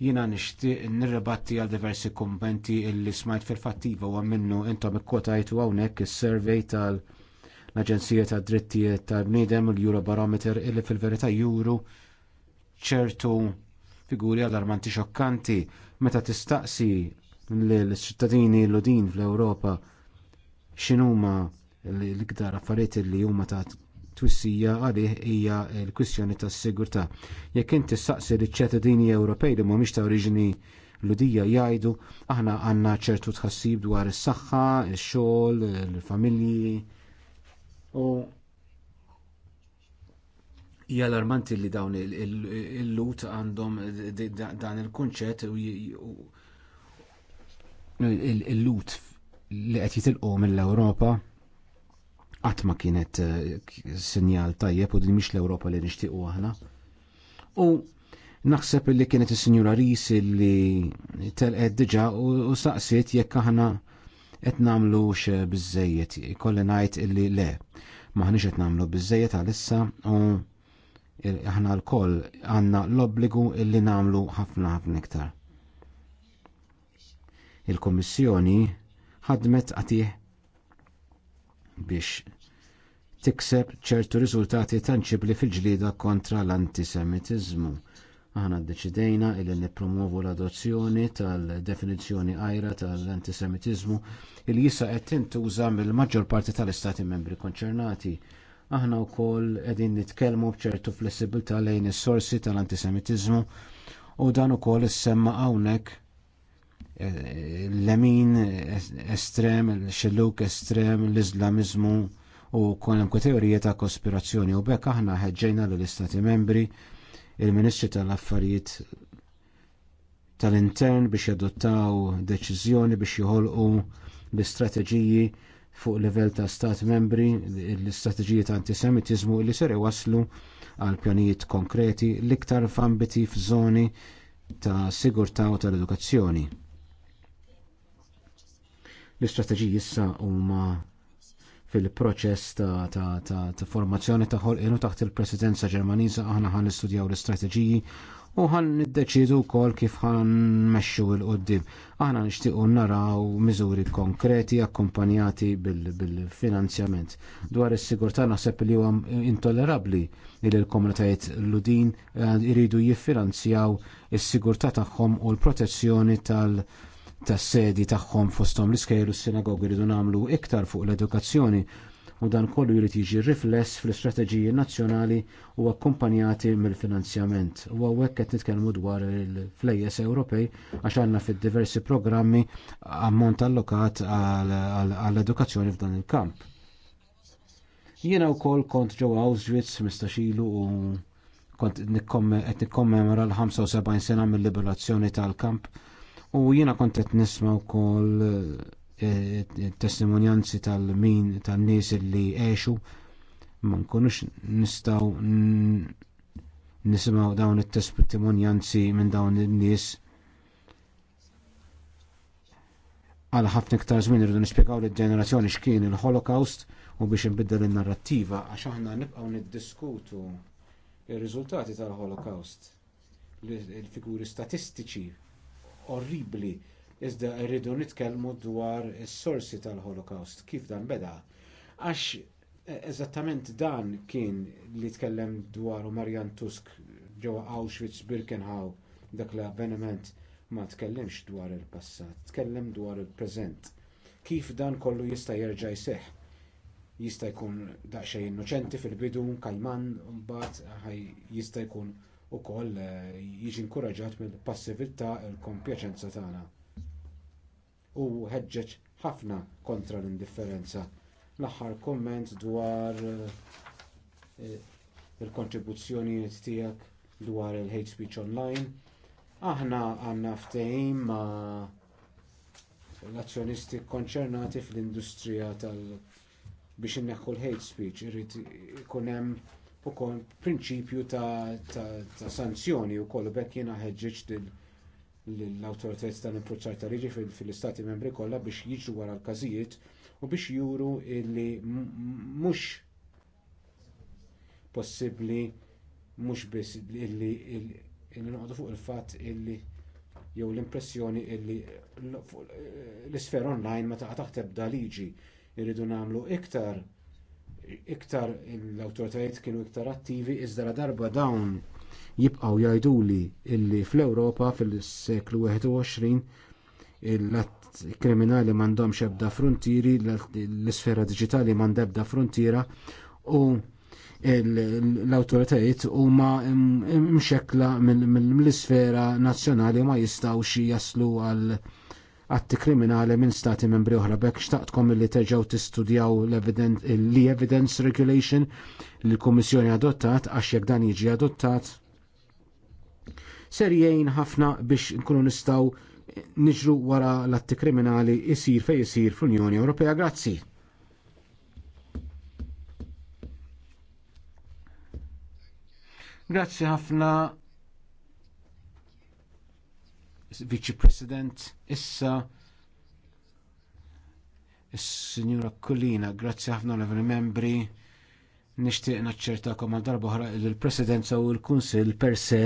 Speaker 2: Jiena nixtieq nirrebatti għal diversi kummenti illi smajt fil-fattiva u għamminnu intom ikkotajtu hawnhekk is-survey tal- -survey tal l-Aġenzija tad Drittijiet tal-Bniedem u l-Eurobarometer illi fil-verità juru ċertu figuri allarmanti xokkanti meta tistaqsi l-ċittadini l-udin fl-Ewropa x'inhuma l-iktar affarijiet li huma ta' twissija għalih hija l-kwistjoni tas-sigurtà. Jekk inti staqsi liċ-ċittadini Ewropej li mhumiex ta' oriġini l-udija jgħidu aħna għandna ċertu tħassib dwar is-saħħa, ix-xogħol, il-familji, U hija alarmanti li dawn il-lut għandhom dan il-kunċett il-lut li qed jitilqu mill-Ewropa qatt ma kienet eh, sinjal tajjeb u din mhix l-Ewropa li nixtiequ aħna. U naħseb li kienet is-Sinjura Ris li telqed diġà u saqsiet jekk aħna qed nagħmlux biżejjed. Ikolli ngħid illi le. Maħniex qed nagħmlu biżejjed għalissa u aħna l-koll għandna l-obbligu illi nagħmlu ħafna ħafna iktar. Il-Kommissjoni ħadmet għatih biex tikseb ċertu riżultati tanċibli fil-ġlida kontra l-antisemitiżmu Aħna deċidejna illi nippromovu l-adozzjoni tal-definizzjoni għajra tal-antisemitiżmu il jissa qed tintuża mill-maġġor parti tal-istati membri konċernati. Aħna wkoll qegħdin nitkellmu bċertu flessibilità lejn is-sorsi tal-antisemitiżmu u dan ukoll semma hawnhekk l-lemin estrem, l-xelluk estrem, l izlamizmu u konem teorija ta' kospirazzjoni u bekk aħna ħeġġejna lill istati membri il-Ministri tal-Affarijiet tal-intern biex jadottaw deċiżjoni biex jħolqu l-istrateġiji fuq livell ta' stat membri l-istrateġiji ta' antisemitizmu li ser waslu għal pjanijiet konkreti l-iktar f'ambiti f'żoni ta' sigurtà u tal-edukazzjoni. L-istrateġiji issa huma fil-proċess ta', ta, ta, ta formazzjoni ta' ħolqinu taħt il-presidenza ġermaniża aħna ħan nistudjaw l-istrateġiji u ħan niddeċidu wkoll kif ħan meċxu l-qoddim. Aħna nixtiequ naraw miżuri konkreti akkumpanjati bil-finanzjament. Bil Dwar is-sigurtà naħseb li huwa intollerabbli li l-komunitajiet ludin eh, iridu jiffinanzjaw is-sigurtà tagħhom u l-protezzjoni tal- tas sedi tagħhom fosthom l-iskejl u s-sinagogi jridu nagħmlu iktar fuq l-edukazzjoni u dan kollu jrid jiġi rifless fl-istrateġiji nazzjonali u akkumpanjati mill-finanzjament. U hawnhekk qed nitkellmu dwar il-flejjes Ewropej għax għandna fid-diversi programmi ammont allokat għall-edukazzjoni f'dan il-kamp. Jiena wkoll kont ġewwa Auschwitz mistaxilu u kont qed nikkommemora l-75 sena mill-liberazzjoni tal-kamp U jiena kont qed nisma' wkoll eh, eh, testimonjanzi tal-min tan-nies li għexu ma nkunux nistgħu nisimgħu dawn it-testimonjanzi minn dawn in-nies għal ħafna iktar żmien irridu nispjegaw lill-ġenerazzjoni x'kien il-Holocaust u biex inbiddel in-narrattiva għax aħna nibqgħu niddiskutu ir-riżultati tal-Holocaust il-figuri statistiċi orribli. Iżda rridu nitkellmu dwar is-sorsi tal-Holocaust, kif dan beda. Għax e, eżattament dan kien li tkellem dwar Marjan Tusk ġewwa Auschwitz Birkenhow dak l-avveniment ma tkellimx dwar il-passat, tkellem dwar il-preżent. Kif dan kollu jista' jerġa' jseħħ jista' jkun daqsxejn innoċenti fil-bidu, kajman, mbagħad jista' jkun ukoll eh, jiġi inkoraġġat mill-passività u l-kompjaċenza tagħna. U ħeġġeġ ħafna kontra l-indifferenza. L-aħħar komment dwar eh, eh, il-kontribuzzjonijiet tiegħek dwar il-hate speech online. Aħna għandna ftehim ma' l-azzjonisti konċernati fl-industrija tal- biex inneħħu l-hate speech, irrid ikun hemm u kol prinċipju ta', ta, ta sanzjoni u kol bekk jena ħedġiċ l-autoritet ta' l-improċar ta' riġi fil-istati membri kollha biex jiġu wara l-każijiet u biex juru illi mhux possibbli mhux biss illi noqogħdu fuq il-fatt illi jew l-impressjoni illi eh, l-isfer online ma taqa' taħt ebda liġi irridu nagħmlu iktar iktar l-autoritajiet kienu iktar attivi iżda la darba dawn jibqgħu jgħiduli illi fl-Ewropa fil-seklu 21 l kriminali m'għandhomx ebda frontieri, l-isfera diġitali m'għandha ebda frontiera u l-autoritajiet huma mxekkla mill-isfera nazzjonali ma jistgħux jaslu għal atti kriminali minn stati membri oħra bekk xtaqtkom li terġaw tistudjaw l evidence regulation li l-Kummissjoni adottat għax jekk dan jiġi adottat ser jgħin ħafna biex nkunu nistaw niġru wara l-atti kriminali jisir fej jisir fl-Unjoni Ewropea. Grazzi. Grazzi ħafna Vice President, issa Signora Collina, grazzi ħafna l membri nixtieq naċċertakom għal darba oħra li l-Presidenza u l-Kunsill per se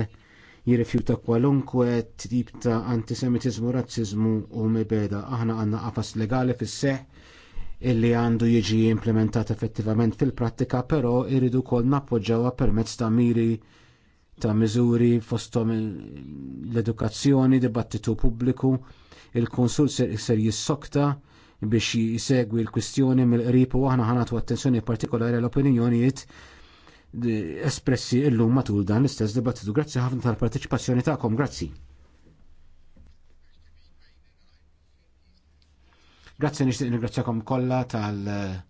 Speaker 2: jirrifjuta kwalunkwe tip ta' antisemitiżmu, razzizmu u mibeda. Aħna għandna qafas legali fis seħ illi għandu jiġi implementat effettivament fil-prattika, però jridu wkoll nappoġġawha permezz ta' miri ta' miżuri fostom l-edukazzjoni, dibattitu pubbliku, il-konsul ser, ser jissokta biex jisegwi l-kwistjoni mill-qrib u aħna ħanatu attenzjoni partikolari l-opinjonijiet espressi illum matul dan l-istess dibattitu. Grazzi ħafna tal-parteċipazzjoni tagħkom, grazzi. Grazzi nixtieq ningrazzjakom kollha tal-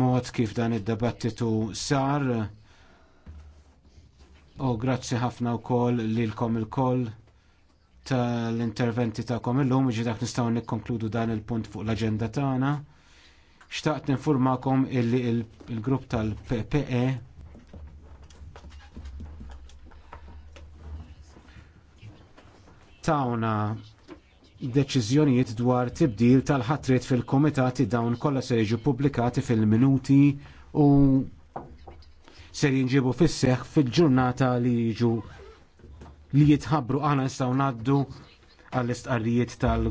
Speaker 2: mod kif dan id-dibattitu sar U grazzi ħafna wkoll lilkom ilkoll tal-interventi ta' kom illum ġi dak nistgħu nikkonkludu dan il-punt fuq l-aġenda tagħna. Xtaqt ninformakom illi il-grupp tal-PPE tawna deċiżjonijiet dwar tibdil tal ħatrit fil-komitati dawn kollha se jiġu pubblikati fil-minuti u ser jinġibu fis-seħħ fil-ġurnata li jiġu li jitħabbru għana nistgħu ngħaddu għall-istqarrijiet tal-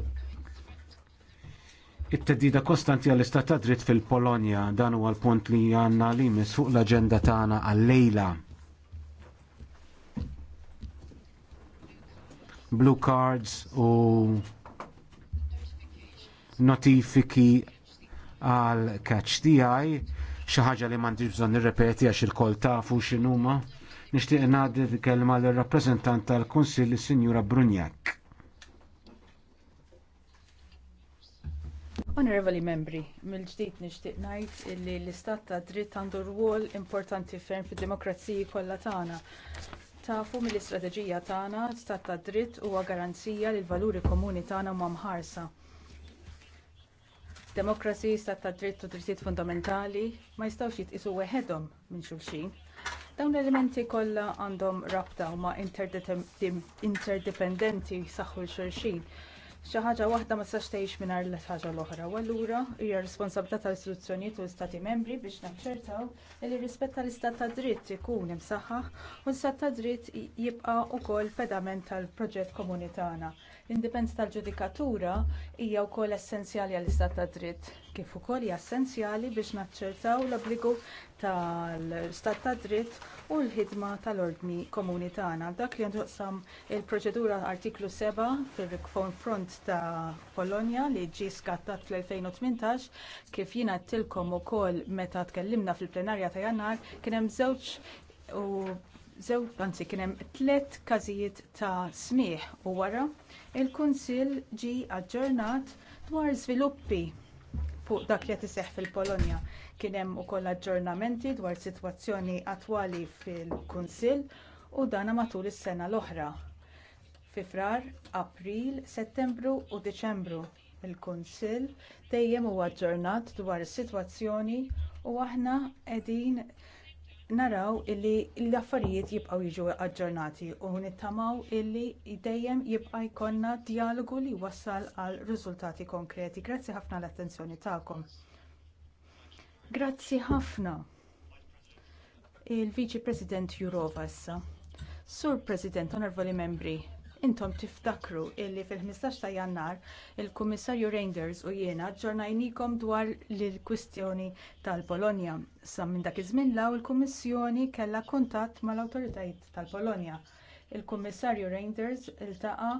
Speaker 2: it-teddida kostanti għall-istat ta' dritt fil-Polonja dan huwa l-punt li għandna li mis fuq l-aġenda tagħna għal-lejla. Blue cards u notifiki għal catch eye xi ħaġa li m'għandix bżonn nirrepeti għax il-kol tafu x'inhuma. Nixtieq ngħaddi l-kelma lir-rappreżentant tal-Kunsill is-Sinjura Brunjak.
Speaker 4: Onorevoli membri, mill-ġdid nixtieq ngħid li l-istat ta' dritt għandu rwol importanti ferm fid-demokrazija kollha tagħna. Tafu mill-istrateġija tagħna, stat ta' dritt huwa garanzija li l-valuri komuni tagħna huma mħarsa. Demokrasi, stat ta' dritt u drittijiet fundamentali ma jistgħux jitqisu weħedhom minn xulxin. Dawn l-elementi kollha għandhom rabta ma' interdependenti saħħu l-xulxin xi ħaġa waħda ma tistax tgħix mingħajr l-ħaġa l-oħra. U allura hija responsabilità tal-istituzzjonijiet u l-istati membri biex naċċertaw li rispett tal-istat ta' dritt ikun imsaħħaħ u l-istat ta' dritt jibqa' ukoll fedament tal-proġett komuni tagħna. L-indipendenza tal-ġudikatura hija wkoll essenzjali għall-istat ta' dritt kif ukoll hija essenzjali biex naċċertaw l-obbligu tal-istat ta' dritt u l-ħidma tal-ordni komuni tagħna. Dak li ntuqsam il-proċedura artiklu 7 fir-konfront ta' Polonja li ġie skattat fl-2018 kif jiena tilkom ukoll meta tkellimna fil-plenarja ta' Jannar kien hemm żewġ u anzi, kien hemm tliet każijiet ta' smigħ u wara il-Kunsill ġie aġġornat dwar żviluppi fuq dak li qed iseħħ fil-Polonja. Kien hemm ukoll aġġornamenti dwar sitwazzjoni attwali fil-Kunsill u dan matul is-sena l-oħra. Fi frar, April, Settembru u Diċembru il-Kunsill dejjem huwa aġġornat dwar is-sitwazzjoni u aħna qegħdin naraw illi l-affarijiet jibqgħu jiġu aġġornati u nittamaw illi dejjem jibqa' jkollna dijalogu li wassal għal riżultati konkreti. Grazzi ħafna l-attenzjoni tagħkom. Grazzi ħafna. Il-Viċi President Jurova issa. Sur President, onorvoli membri, Intom tiftakru illi fil-15 ta' jannar il-Kummissarju Reinders u jiena ġornajnikom dwar l-kwistjoni tal-Polonja. Sa minn dak iż-żmien law il-Kummissjoni kellha kuntatt mal-awtoritajiet tal-Polonja. Il-Kummissarju Reinders iltaqa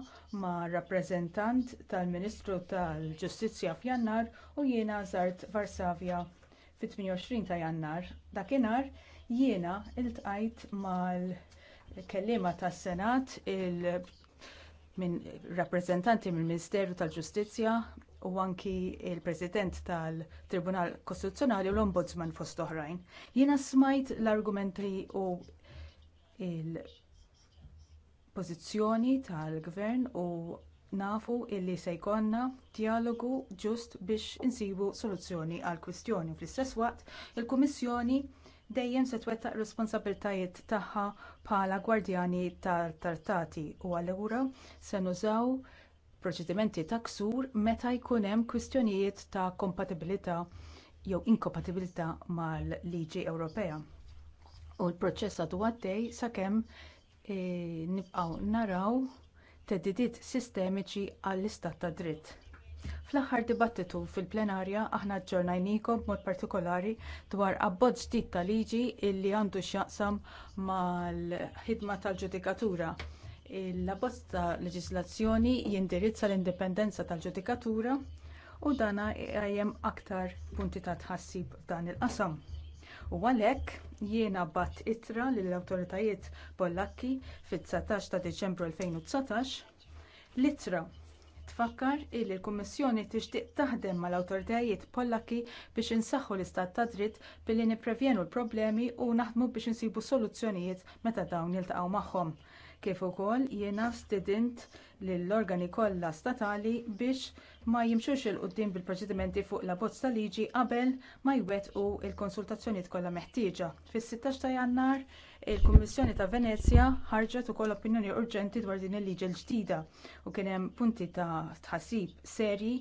Speaker 4: ma' rappreżentant tal-Ministru tal-Ġustizzja f'Jannar u jiena żart Varsavja fit-28 ta' jannar. Dakinhar jiena iltqajt mal-kellima tas-Senat il minn rappreżentanti mill-Ministeru tal-Ġustizzja u anki l president tal-Tribunal Kostituzzjonali u l-Ombudsman fost oħrajn. Jiena smajt l-argumenti u l pożizzjoni tal-Gvern u nafu illi se jkollna dijalogu ġust biex insibu soluzzjoni għall kwistjoni Fl-istess waqt, il-Kummissjoni dejjem se twettaq responsabiltajiet tagħha bħala gwardjani tal-tartati u allura se nużaw proċedimenti ta' ksur meta jkun hemm kwistjonijiet ta' kompatibilità jew inkompatibilità mal-liġi Ewropea. U l-proċess għadu għaddej sakemm e, nibqgħu naraw teddidiet sistemiċi għall-istat ta' dritt Fl-aħħar dibattitu fil-plenarja aħna ġġornajnikom b'mod partikolari dwar abbozz ġdid ta' liġi illi għandu x'jaqsam mal-ħidma tal-ġudikatura. L-abbozz ta' leġislazzjoni jindirizza l-indipendenza tal-ġudikatura u dana jgħajem aktar punti ta' tħassib f'dan il-qasam. U għalhekk jiena bat ittra lill awtoritajiet Pollakki fit-19 ta' Diċembru 2019 l-ittra tfakkar illi l-Kummissjoni tixtieq taħdem mal-awtoritajiet Pollakki biex insaħħu l-istat ta' dritt billi nipprevjenu l-problemi u naħdmu biex insibu soluzzjonijiet meta dawn jiltaqgħu magħhom kif ukoll jiena stidint lill-organi kollha statali biex ma jimxux il quddiem bil-proċedimenti fuq la bozza ta' liġi qabel ma jwettqu l konsultazzjonijiet kollha meħtieġa. Fis-16 ta' Jannar il-Kummissjoni ta' Venezja ħarġet ukoll opinjoni urġenti dwar din il-liġi l-ġdida u kien hemm punti ta' tħassib serji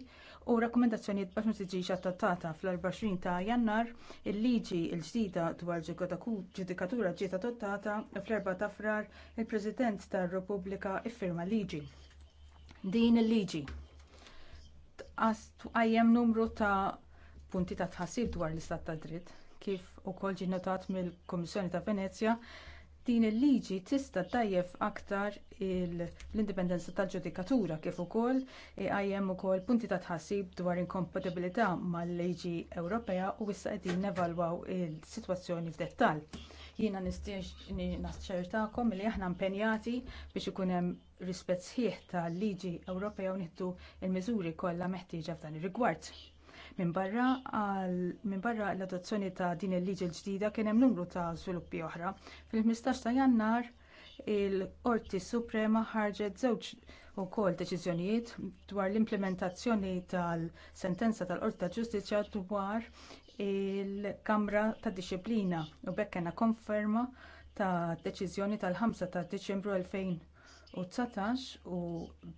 Speaker 4: u rakkomendazzjoni biex ma tiġix attattata fl-24 ta' jannar il-liġi l-ġdida dwar ġudikatura ġiet għat-tottata fl-4 ta' frar il-President tar-Repubblika iffirma liġi. Din il-liġi tqajjem numru ta' punti ta' tħassib dwar l-istat ta' dritt kif ukoll ġie notat mill-Kummissjoni ta' Venezja din il-liġi tista' tajjeb aktar l-indipendenza tal-ġudikatura kif ukoll għajjem ukoll punti ta' tħassib dwar inkompatibilità mal-liġi Ewropea u issa qegħdin nevalwaw il-sitwazzjoni f'dettall. Jiena nistgħu naċċertakom li aħna impenjati biex ikun hemm rispett sħiħ tal-liġi Ewropea u nieħdu l miżuri kollha meħtieġa f'dan ir-rigward. Minbarra barra l-adozzjoni ta' din il-liġi l-ġdida kien hemm numru ta' żviluppi oħra. Fil-15 ta' Jannar il-Qorti Suprema ħarġet żewġ ukoll deċiżjonijiet dwar l-implementazzjoni tal-sentenza tal-Qorti ta' Ġustizzja dwar il-Kamra tad Disciplina u bekk konferma ta' deċiżjoni tal-5 ta' Diċembru 2000 u tsatax u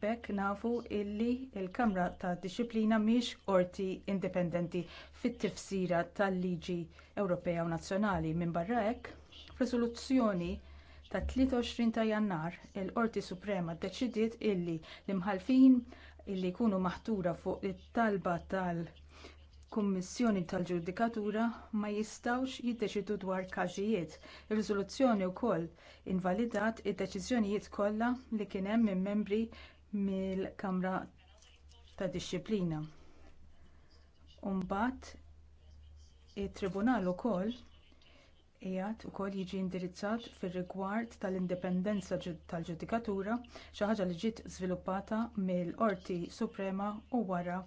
Speaker 4: bekk nafu illi l il kamra ta' Dixxilpina mhix qorti indipendenti fit-tifsira tal-liġi Ewropea u Nazzjonali minn barra hekk f'riżoluzzjoni ta' 23 ta' jannar il-Qorti Suprema ddeċidiet illi l-imħalfin illi jkunu maħtura fuq it-talba tal kummissjoni tal-ġudikatura ma jistgħux jiddeċidu dwar każijiet. Ir-riżoluzzjoni wkoll invalidat id-deċiżjonijiet kollha li kien hemm minn membri mill-Kamra tad Dixxilpina. mbagħad it-Tribunal ukoll qiegħed ukoll jiġi indirizzat fir-rigward tal-indipendenza tal-ġudikatura xi ħaġa li ġiet żviluppata mill-Qorti Suprema u wara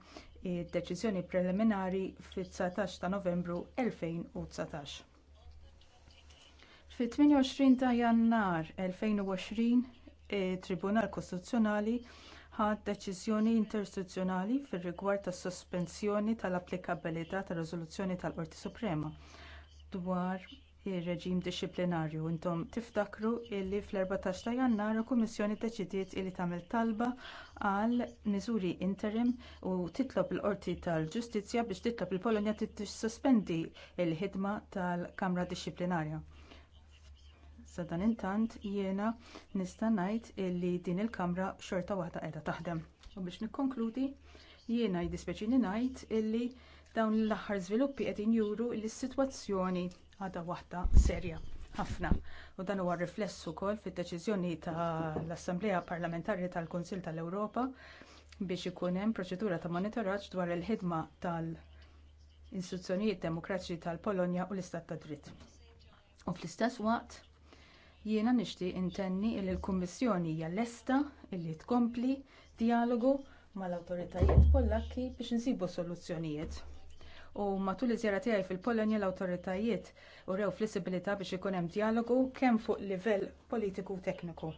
Speaker 4: id-deċiżjoni preliminari fit-19 ta' Novembru 2019. Fit-28 ta' Jannar 2020, it-Tribunal Kostituzzjonali ħad deċiżjoni interistituzzjonali fir-rigward tas-sospensjoni tal-applikabilità tar-Riżoluzzjoni tal-Qorti Suprema dwar ir-reġim dixxiplinarju. Intom tiftakru li fl-14 ta' jannar il-Kummissjoni ddeċidiet li tagħmel talba għal miżuri interim u titlob il-Qorti tal-Ġustizzja biex titlob il-Polonja tissospendi l ħidma tal-Kamra Dixxiplinarja. Sa dan intant jiena nista' ngħid li din il-Kamra xorta waħda qiegħda taħdem. U biex nikkonkludi, jiena jdispjaċini ngħid illi dawn l-aħħar żviluppi qegħdin juru li s-sitwazzjoni għada waħda serja ħafna. U dan huwa r-rifless ukoll fid-deċiżjoni tal-Assemblea Parlamentari tal-Kunsil tal-Ewropa biex ikun hemm proċedura ta' monitoraġġ dwar il-ħidma tal-istituzzjonijiet demokratiċi tal-Polonja u l-Istat ta' Dritt. U fl-istess waqt jiena nixtieq intenni li l-Kummissjoni hija lesta li tkompli dijalogu mal-awtoritajiet Pollakki biex insibu soluzzjonijiet u matul iż-żjara tiegħi fil-Polonja l-awtoritajiet urew fl flessibilità biex ikun hemm dijalogu kemm fuq livell politiku u tekniku.